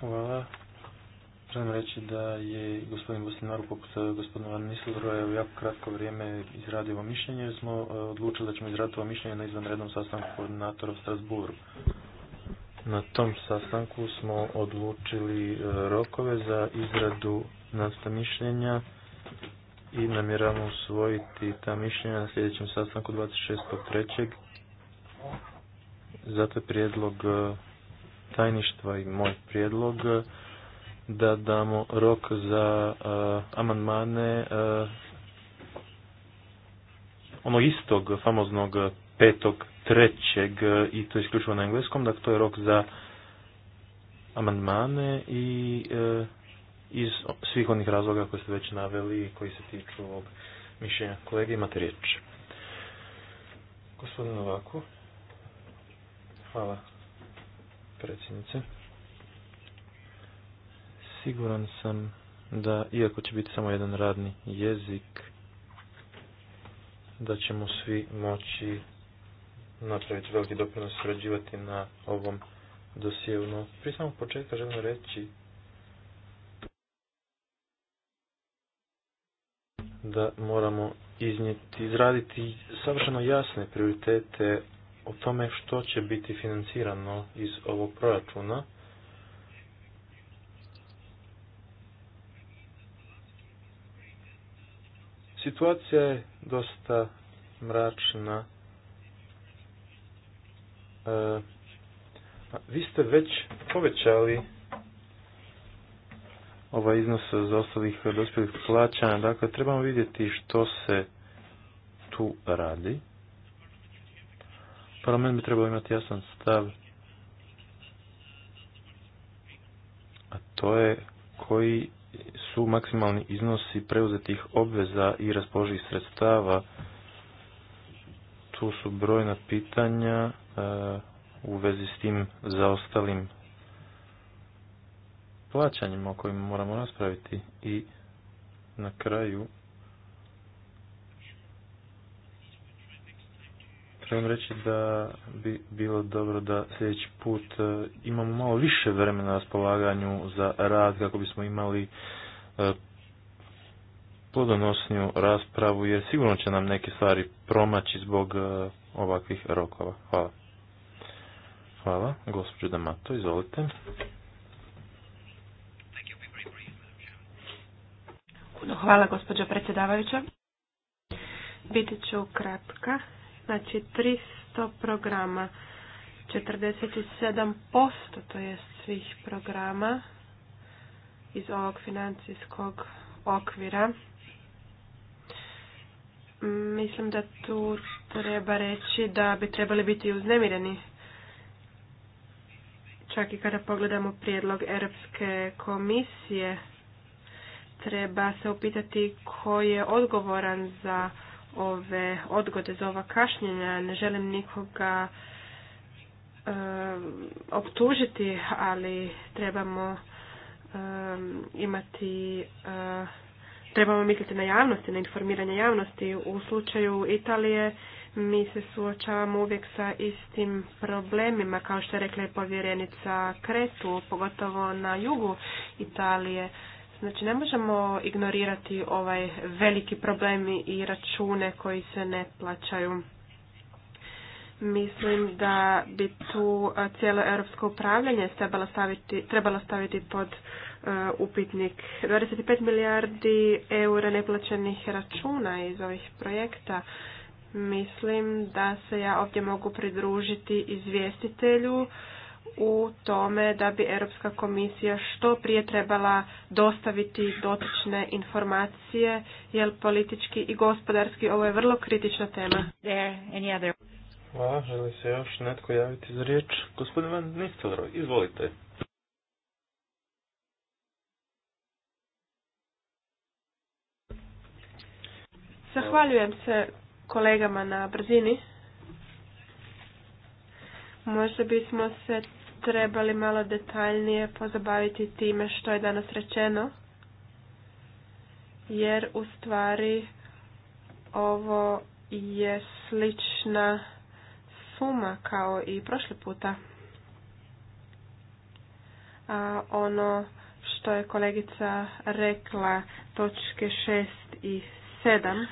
Hvala. Želim reći da je gospodin Bostinaru poput eh, gospodina Van u jako kratko vrijeme izradio mišljenje jer smo eh, odlučili da ćemo izraditi ovo mišljenje na izvanrednom sastanku koordinatora u Strasburu. Na tom sastanku smo odlučili eh, rokove za izradu nasta mišljenja i namjeramo usvojiti ta mišljenja na sljedećem sastanku 26.3. Zato je prijedlog tajništva i moj prijedlog da damo rok za uh, amandmane ono onog istog famoznog petog trećeg e, i to isključivo na engleskom, dakle to je rok za amandmane i e, iz svih onih razloga koje ste već naveli i koji se tiču ovog mišljenja. Kolege, imate riječ. Gospodin Novaku. Hvala predsjednice. Siguran sam da, iako će biti samo jedan radni jezik, da ćemo svi moći napraviti veliki doprinos surađivati na ovom dosjevno No, prije samog početka želim reći da moramo iznijeti, izraditi savršeno jasne prioritete o tome što će biti financirano iz ovog proračuna Situacija je dosta mračna. E, vi ste već povećali ovaj iznos za ostalih dospjelih plaćanja. Dakle, trebamo vidjeti što se tu radi. Parlament bi trebalo imati jasan stav. A to je koji su maksimalni iznosi preuzetih obveza i raspoloživih sredstava. Tu su brojna pitanja e, u vezi s tim zaostalim plaćanjima o kojima moramo raspraviti i na kraju želim reći da bi bilo dobro da sljedeći put e, imamo malo više vremena na raspolaganju za rad kako bismo imali e, plodonosniju raspravu jer sigurno će nam neke stvari promaći zbog e, ovakvih rokova. Hvala. Hvala. Gospođo Damato, izvolite. Hvala gospođo predsjedavajuća. Biti ću kratka znači 300 programa, 47% to je svih programa iz ovog financijskog okvira. Mislim da tu treba reći da bi trebali biti uznemireni čak i kada pogledamo prijedlog Europske komisije, treba se upitati ko je odgovoran za ove odgode za ova kašnjenja. Ne želim nikoga e, optužiti, ali trebamo imati eh, trebamo misliti na javnosti, na informiranje javnosti. U slučaju Italije mi se suočavamo uvijek sa istim problemima, kao što je rekla i povjerenica Kretu, pogotovo na jugu Italije. Znači ne možemo ignorirati ovaj veliki problemi i račune koji se ne plaćaju. Mislim da bi tu cijelo europsko upravljanje trebalo staviti, trebalo staviti pod uh, upitnik. 25 milijardi eura neplaćenih računa iz ovih projekta. Mislim da se ja ovdje mogu pridružiti izvjestitelju u tome da bi Europska komisija što prije trebala dostaviti dotične informacije, jer politički i gospodarski ovo je vrlo kritična tema. Hvala, želi se još netko javiti za riječ. Gospodin Van Nistelro, izvolite. Zahvaljujem se kolegama na brzini. Možda bismo se trebali malo detaljnije pozabaviti time što je danas rečeno, jer u stvari ovo je slična suma kao i prošli puta. A ono što je kolegica rekla točke 6 i 7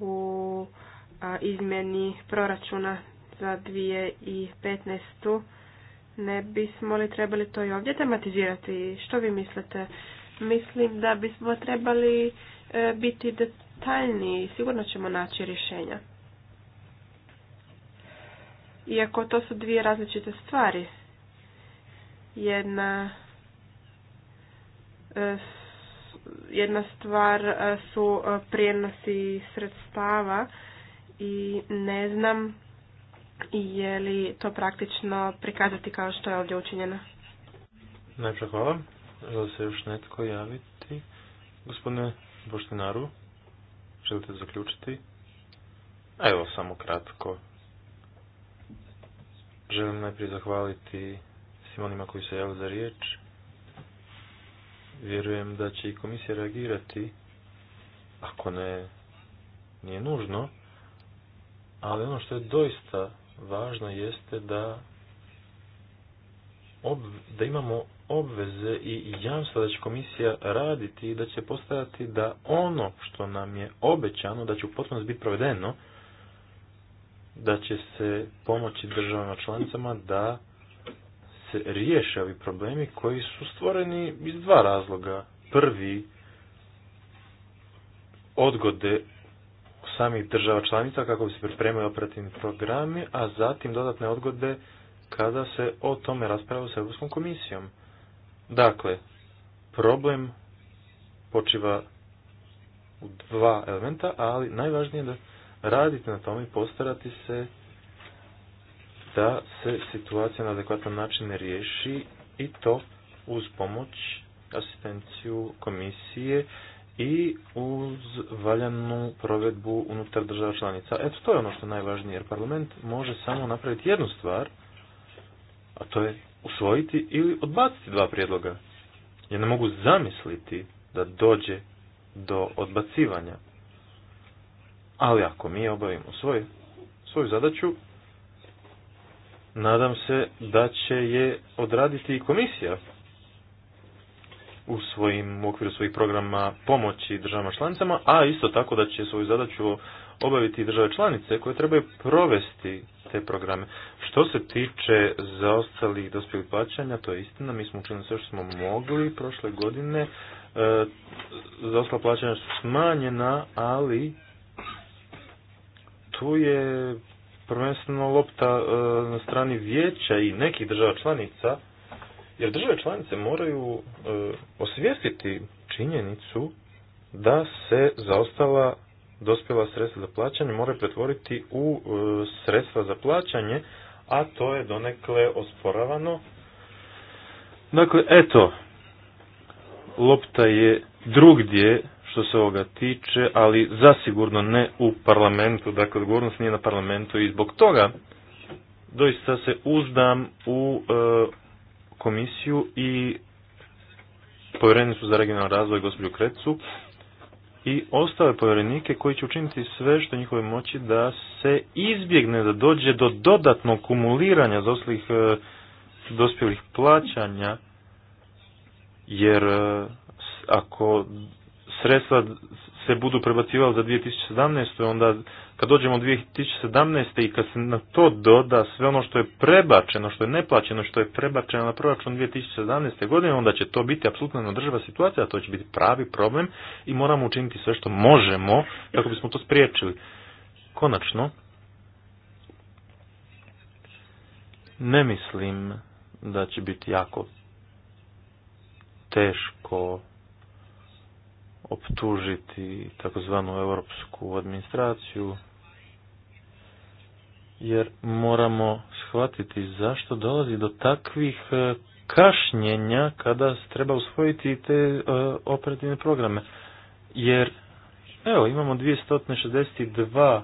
u izmjeni proračuna za 2015. Ne bismo li trebali to i ovdje tematizirati? Što vi mislite? Mislim da bismo trebali e, biti detaljni. Sigurno ćemo naći rješenja. Iako to su dvije različite stvari. Jedna e, jedna stvar e, su prijenosi sredstava i ne znam je li to praktično prikazati kao što je ovdje učinjeno? Najprej hvala. Želi se još netko javiti? Gospodine Boštinaru, želite zaključiti? Evo, samo kratko. Želim najprije zahvaliti svim onima koji se javili za riječ. Vjerujem da će i komisija reagirati, ako ne, nije nužno, ali ono što je doista važno jeste da, ob, da imamo obveze i jamstva da će komisija raditi i da će postaviti da ono što nam je obećano, da će u potpunosti biti provedeno, da će se pomoći državama članicama da se riješe ovi problemi koji su stvoreni iz dva razloga. Prvi, odgode samih država članica kako bi se pripremili operativni programi, a zatim dodatne odgode kada se o tome raspravlja s Europskom komisijom. Dakle, problem počiva u dva elementa, ali najvažnije je da radite na tome i postarati se da se situacija na adekvatan način ne riješi i to uz pomoć asistenciju komisije i uz valjanu provedbu unutar država članica. Eto, to je ono što je najvažnije, jer parlament može samo napraviti jednu stvar, a to je usvojiti ili odbaciti dva prijedloga. Ja ne mogu zamisliti da dođe do odbacivanja. Ali ako mi obavimo svoj, svoju zadaću, nadam se da će je odraditi i komisija u svojim okviru svojih programa pomoći državama članicama, a isto tako da će svoju zadaću obaviti države članice koje trebaju provesti te programe. Što se tiče zaostalih dospjelih plaćanja, to je istina, mi smo učinili sve što smo mogli prošle godine. E, zaostala plaćanja su smanjena, ali tu je prvenstveno lopta e, na strani vijeća i nekih država članica jer države članice moraju e, osvijestiti činjenicu da se zaostala dospjela sredstva za plaćanje moraju pretvoriti u e, sredstva za plaćanje, a to je donekle osporavano. Dakle, eto, lopta je drugdje što se ovoga tiče, ali zasigurno ne u parlamentu, dakle odgovornost nije na parlamentu i zbog toga doista se uzdam u e, komisiju i povjerenicu za regionalni razvoj gospođu Krecu i ostale povjerenike koji će učiniti sve što njihove moći da se izbjegne da dođe do dodatnog kumuliranja doslih e, dospjelih plaćanja jer e, ako sredstva se budu prebacivali za 2017. onda kad dođemo 2017. i kad se na to doda sve ono što je prebačeno, što je neplaćeno, što je prebačeno na proračun 2017. godine, onda će to biti apsolutno neodrživa situacija, to će biti pravi problem i moramo učiniti sve što možemo kako bismo to spriječili. Konačno, ne mislim da će biti jako teško optužiti takozvanu europsku administraciju, jer moramo shvatiti zašto dolazi do takvih e, kašnjenja kada treba usvojiti te e, operativne programe. Jer, evo, imamo 262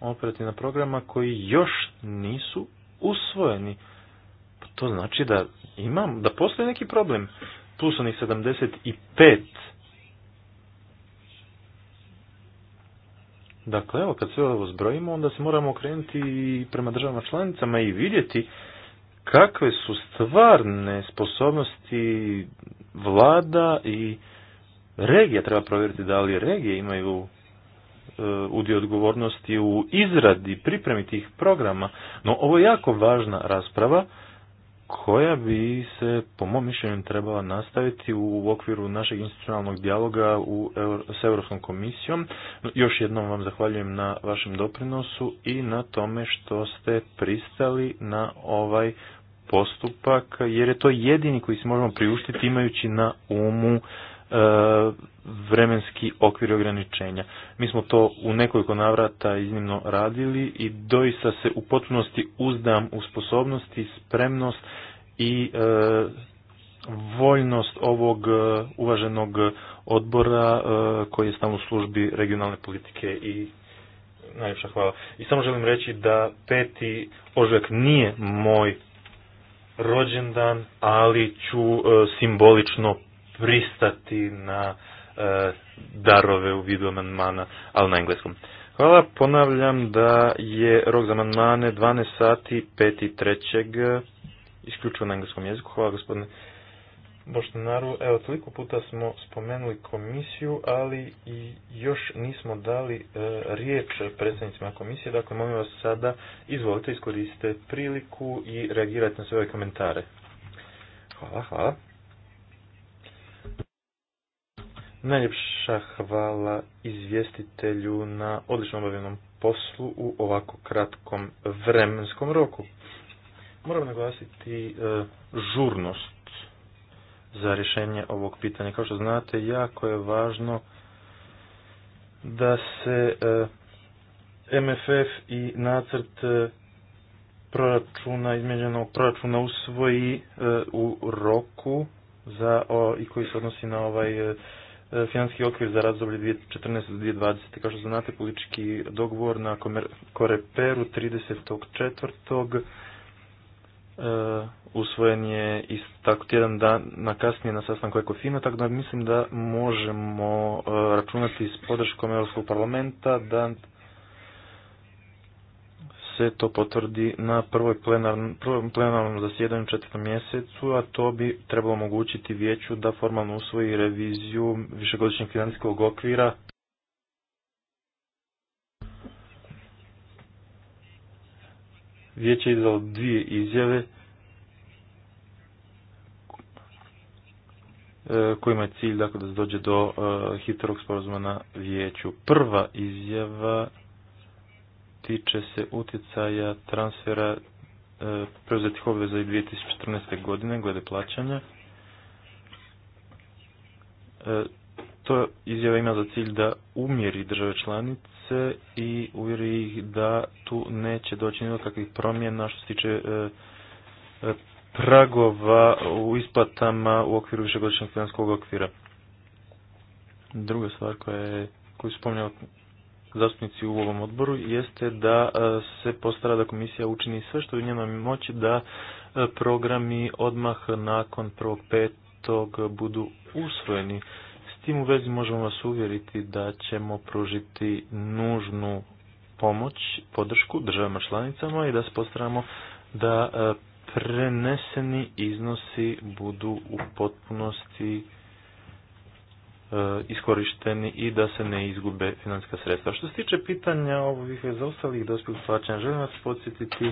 operativna programa koji još nisu usvojeni. To znači da imam, da postoji neki problem. Plus onih 75 Dakle, evo, kad sve ovo zbrojimo, onda se moramo okrenuti i prema državama članicama i vidjeti kakve su stvarne sposobnosti vlada i regija. Treba provjeriti da li regije imaju e, udio odgovornosti u izradi, pripremi tih programa. No, ovo je jako važna rasprava koja bi se, po mom mišljenju, trebala nastaviti u okviru našeg institucionalnog dijaloga u, s Europskom komisijom. Još jednom vam zahvaljujem na vašem doprinosu i na tome što ste pristali na ovaj postupak, jer je to jedini koji se možemo priuštiti imajući na umu E, vremenski okvir ograničenja. Mi smo to u nekoliko navrata iznimno radili i doista se u potpunosti uzdam u sposobnosti, spremnost i e, voljnost ovog e, uvaženog odbora e, koji je stalno u službi regionalne politike i najljepša hvala. I samo želim reći da peti ožujak nije moj rođendan, ali ću simbolično pristati na e, darove u vidu amandmana, ali na engleskom. Hvala, ponavljam da je rok za amandmane 12 sati 5.3. isključivo na engleskom jeziku. Hvala gospodine boštenaru. Evo, toliko puta smo spomenuli komisiju, ali i još nismo dali e, riječ predstavnicima komisije. Dakle, molim vas sada, izvolite, iskoristite priliku i reagirajte na sve ove komentare. Hvala, hvala. Najljepša hvala izvjestitelju na odlično obavljenom poslu u ovako kratkom vremenskom roku. Moram naglasiti e, žurnost za rješenje ovog pitanja. Kao što znate, jako je važno da se e, MFF i nacrt e, proračuna, izmijenjenog proračuna usvoji e, u roku za o, i koji se odnosi na ovaj e, E, financijski okvir za razdoblje 2014-2020. Kao što znate, politički dogovor na Koreperu 34. E, usvojen je tako tjedan dan na kasnije na sastanku Ekofina, tako da mislim da možemo e, računati s podrškom Europskog parlamenta da se to potvrdi na prvoj plenarn, prvom plenarnom zasjedanju u četvrtom mjesecu, a to bi trebalo omogućiti vijeću da formalno usvoji reviziju višegodišnjeg financijskog okvira Vijeće je izdalo dvije izjave e, kojima je cilj dakle, da se dođe do e, hitrog sporazuma na vijeću. Prva izjava tiče se utjecaja transfera e, preuzetih obveza i 2014. godine glede plaćanja. E, to izjava ima za cilj da umjeri države članice i uvjeri ih da tu neće doći ni do kakvih promjena što se tiče e, pragova u isplatama u okviru višegodišnjeg financijskog okvira. Druga stvar koja je, koju spominjao zastupnici u ovom odboru jeste da e, se postara da komisija učini sve što je u njenoj moći da e, programi odmah nakon prvog petog budu usvojeni. S tim u vezi možemo vas uvjeriti da ćemo pružiti nužnu pomoć, podršku državama članicama i da se postaramo da e, preneseni iznosi budu u potpunosti E, iskorišteni i da se ne izgube financijska sredstva. Što se tiče pitanja ovih zaostalih dospjelih plaćanja, želim vas podsjetiti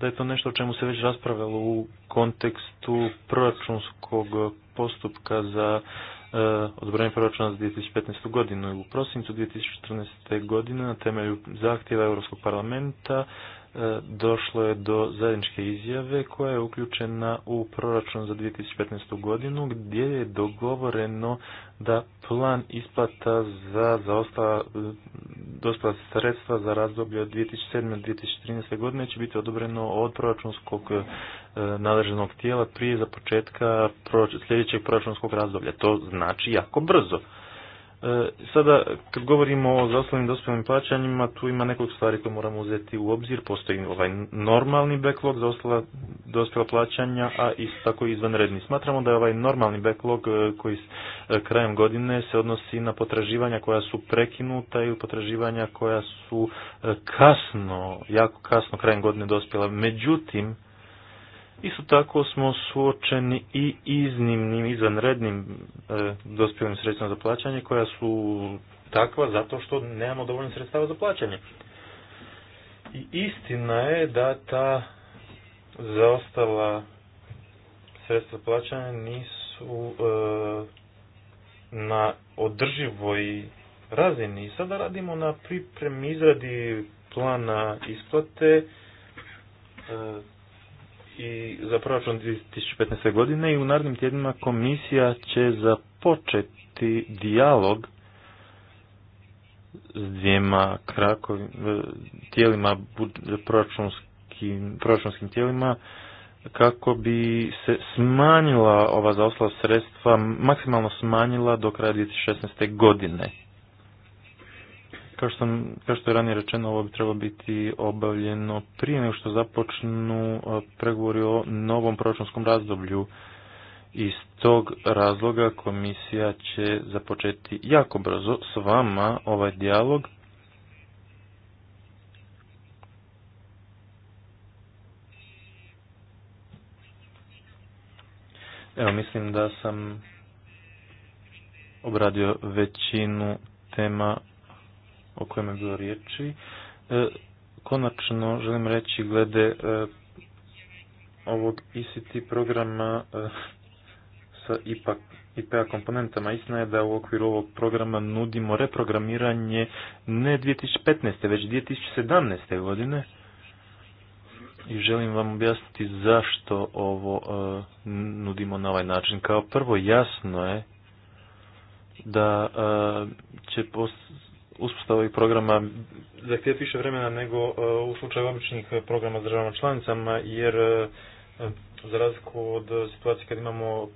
da je to nešto o čemu se već raspravljalo u kontekstu proračunskog postupka za e, proračuna za 2015. godinu. U prosincu 2014. godine na temelju zahtjeva Europskog parlamenta E, došlo je do zajedničke izjave koja je uključena u proračun za 2015. godinu gdje je dogovoreno da plan isplata za zaostala e, sredstva za razdoblje od 2007. do 2013. godine će biti odobreno od proračunskog e, nadležnog tijela prije za početka sljedećeg proračunskog razdoblja. To znači jako brzo. E, sada, kad govorimo o zaoslovnim dospjelim plaćanjima, tu ima nekoliko stvari koje moramo uzeti u obzir. Postoji ovaj normalni backlog ostala dospjela plaćanja, a isto tako i izvanredni. Smatramo da je ovaj normalni backlog e, koji e, krajem godine se odnosi na potraživanja koja su prekinuta i potraživanja koja su kasno, jako kasno krajem godine dospjela. Međutim, Isto tako smo suočeni i iznimnim, izvanrednim e, dospjelim sredstvima za plaćanje koja su takva zato što nemamo dovoljno sredstava za plaćanje. I istina je da ta zaostala sredstva plaćanja nisu e, na održivoj razini. I sada radimo na pripremi izradi plana isplate e, i za proračun 2015. godine i u narednim tjednima komisija će započeti dijalog s dvijema krakovi, e, tijelima, proračunskim, proračunskim tijelima kako bi se smanjila ova zaostala sredstva, maksimalno smanjila do kraja 2016. godine. Kao što, kao što je ranije rečeno, ovo bi trebalo biti obavljeno prije nego što započnu pregovori o novom proračunskom razdoblju. Iz tog razloga komisija će započeti jako brzo s vama ovaj dijalog. Evo, mislim da sam obradio većinu tema o kojem je bilo riječi. E, konačno želim reći glede e, ovog ICT e programa sa IPA, IPA komponentama. Istina je da u okviru ovog programa nudimo reprogramiranje ne 2015. već 2017. godine i želim vam objasniti zašto ovo nudimo na ovaj način. Kao prvo jasno je da e, će uspostava ovih programa zahtijeva više vremena nego e, u slučaju običnih e, programa s državama članicama, jer e, za razliku od situacije kad imamo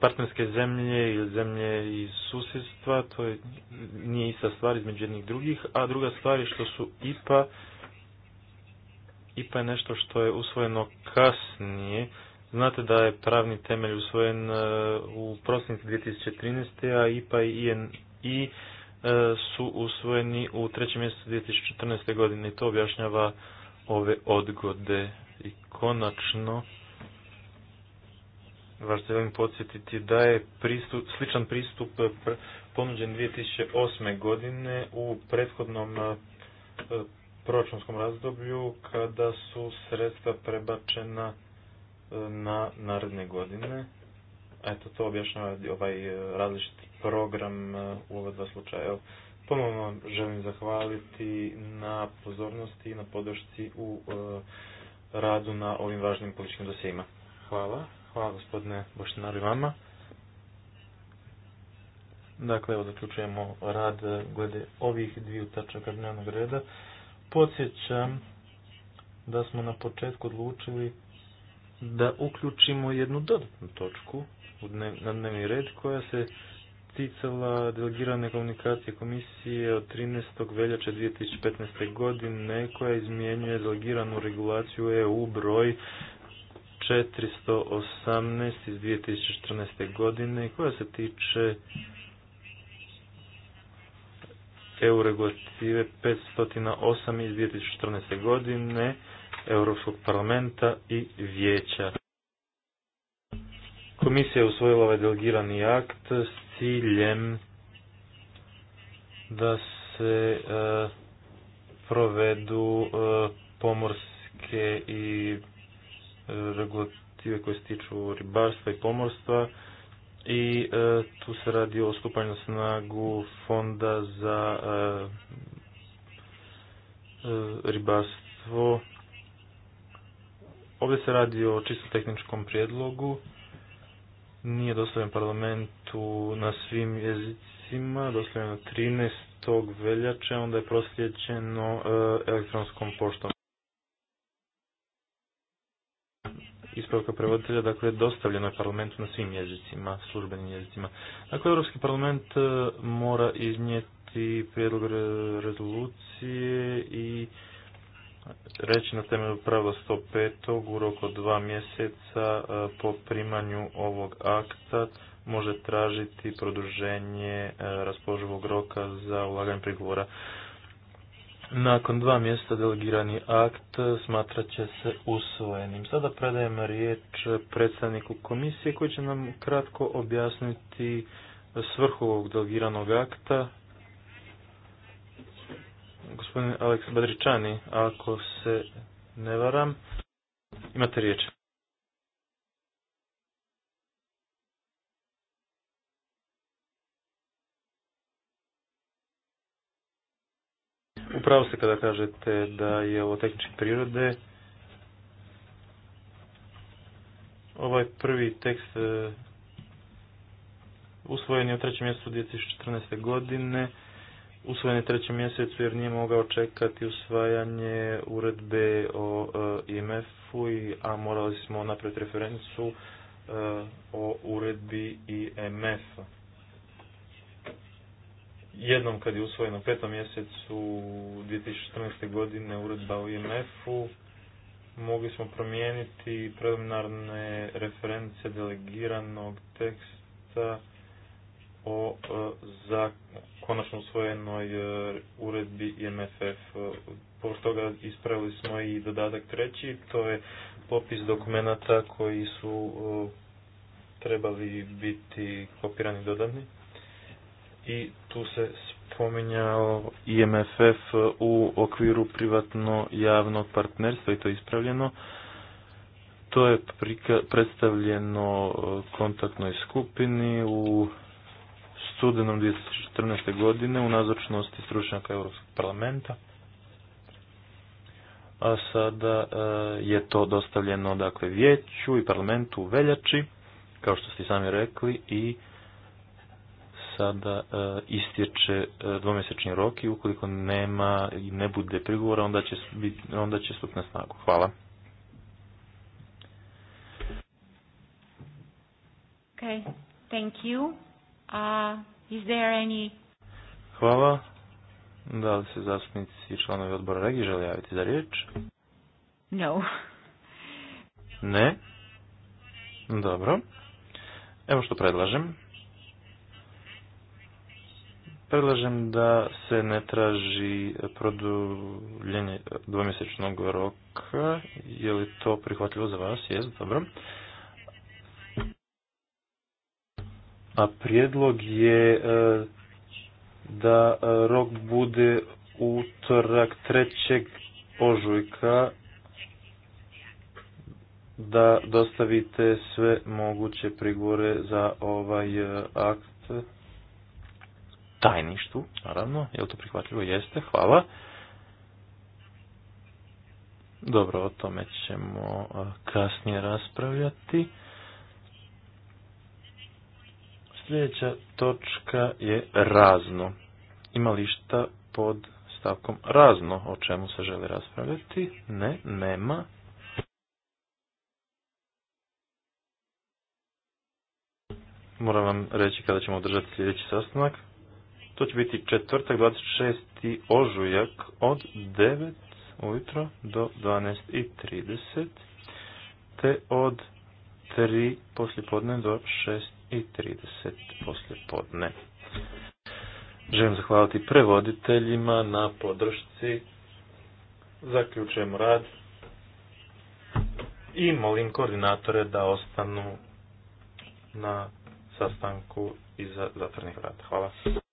partnerske zemlje ili zemlje iz susjedstva, to je, nije ista stvar između jednih drugih, a druga stvar je što su IPA, IPA je nešto što je usvojeno kasnije, Znate da je pravni temelj usvojen e, u prosincu 2013. a IPA i INI e, su usvojeni u trećem mjesecu 2014. godine i to objašnjava ove odgode. I konačno, vas želim podsjetiti da je pristup, sličan pristup ponuđen 2008. godine u prethodnom e, proračunskom razdoblju kada su sredstva prebačena na naredne godine. Eto, to objašnjava ovaj e, različiti program e, u ova dva slučaja. vam želim zahvaliti na pozornosti i na podršci u e, radu na ovim važnim političkim dosijima. Hvala. Hvala gospodine Boštinaru vama. Dakle, evo zaključujemo rad glede ovih dviju tačaka dnevnog reda. Podsjećam da smo na početku odlučili da uključimo jednu dodatnu točku na dnevni red koja se ticala delegirane komunikacije komisije od 13. veljače 2015. godine koja izmjenjuje delegiranu regulaciju EU broj 418 iz 2014. godine koja se tiče EU regulative 508 iz 2014. godine Europskog parlamenta i vijeća. Komisija je usvojila ovaj delegirani akt s ciljem da se e, provedu e, pomorske i regulative koje se tiču ribarstva i pomorstva i e, tu se radi o stupanju snagu fonda za ribarstvo Ovdje se radi o čisto tehničkom prijedlogu. Nije dostavljen parlamentu na svim jezicima, dostavljen 13. veljače, onda je proslijeđeno e, elektronskom poštom. ispravka prevoditelja, dakle, dostavljeno je parlamentu na svim jezicima, službenim jezicima. Dakle, Europski parlament e, mora iznijeti prijedlog rezolucije i reći na temelju pravila 105. u roku dva mjeseca e, po primanju ovog akta može tražiti produženje e, raspoloživog roka za ulaganje prigovora. Nakon dva mjeseca delegirani akt smatrat će se usvojenim. Sada predajem riječ predstavniku komisije koji će nam kratko objasniti svrhu ovog delegiranog akta Gospodin Aleks Badričani, ako se ne varam, imate riječ. Upravo se kada kažete da je ovo tehničke prirode. Ovaj prvi tekst e, usvojen je u trećem mjestu 2014. godine usvojen je trećem mjesecu jer nije mogao čekati usvajanje uredbe o e, IMF-u, a morali smo napraviti referencu e, o uredbi IMF-a. Jednom kad je usvojeno u petom mjesecu 2014. godine uredba o IMF-u, mogli smo promijeniti preliminarne reference delegiranog teksta o e, za konačno usvojenoj e, uredbi IMFF. E, Pored toga ispravili smo i dodatak treći, to je popis dokumenata koji su trebali biti kopirani dodatni. I tu se spominjao IMFF u okviru privatno-javnog partnerstva i to je ispravljeno. To je predstavljeno kontaktnoj skupini u studenom 2014. godine u nazočnosti stručnjaka Europskog parlamenta. A sada e, je to dostavljeno dakle vijeću i parlamentu u veljači, kao što ste sami rekli, i sada e, istječe e, dvomjesečni rok i ukoliko nema i ne bude prigovora, onda će, onda će stup na snagu. Hvala. Okay, thank you a uh, is there any... Hvala. Da li se zastupnici i članovi odbora regije žele javiti za riječ? No. Ne. Dobro. Evo što predlažem. Predlažem da se ne traži produljenje dvomjesečnog roka. Je li to prihvatljivo za vas? Jest, dobro. a prijedlog je e, da e, rok bude utorak 3. ožujka da dostavite sve moguće prigore za ovaj e, akt tajništu. naravno, je li to prihvatljivo? Jeste, hvala. Dobro, o tome ćemo kasnije raspravljati. Sljedeća točka je razno. Ima lišta pod stavkom razno o čemu se želi raspravljati? Ne, nema. Moram vam reći kada ćemo održati sljedeći sastanak. To će biti četvrtak 26. ožujak od 9 ujutro do 12.30 te od 3 poslijepodne do 6 i 30 poslje podne. Želim zahvaliti prevoditeljima na podršci. Zaključujemo rad i molim koordinatore da ostanu na sastanku iza zatvornih rada. Hvala.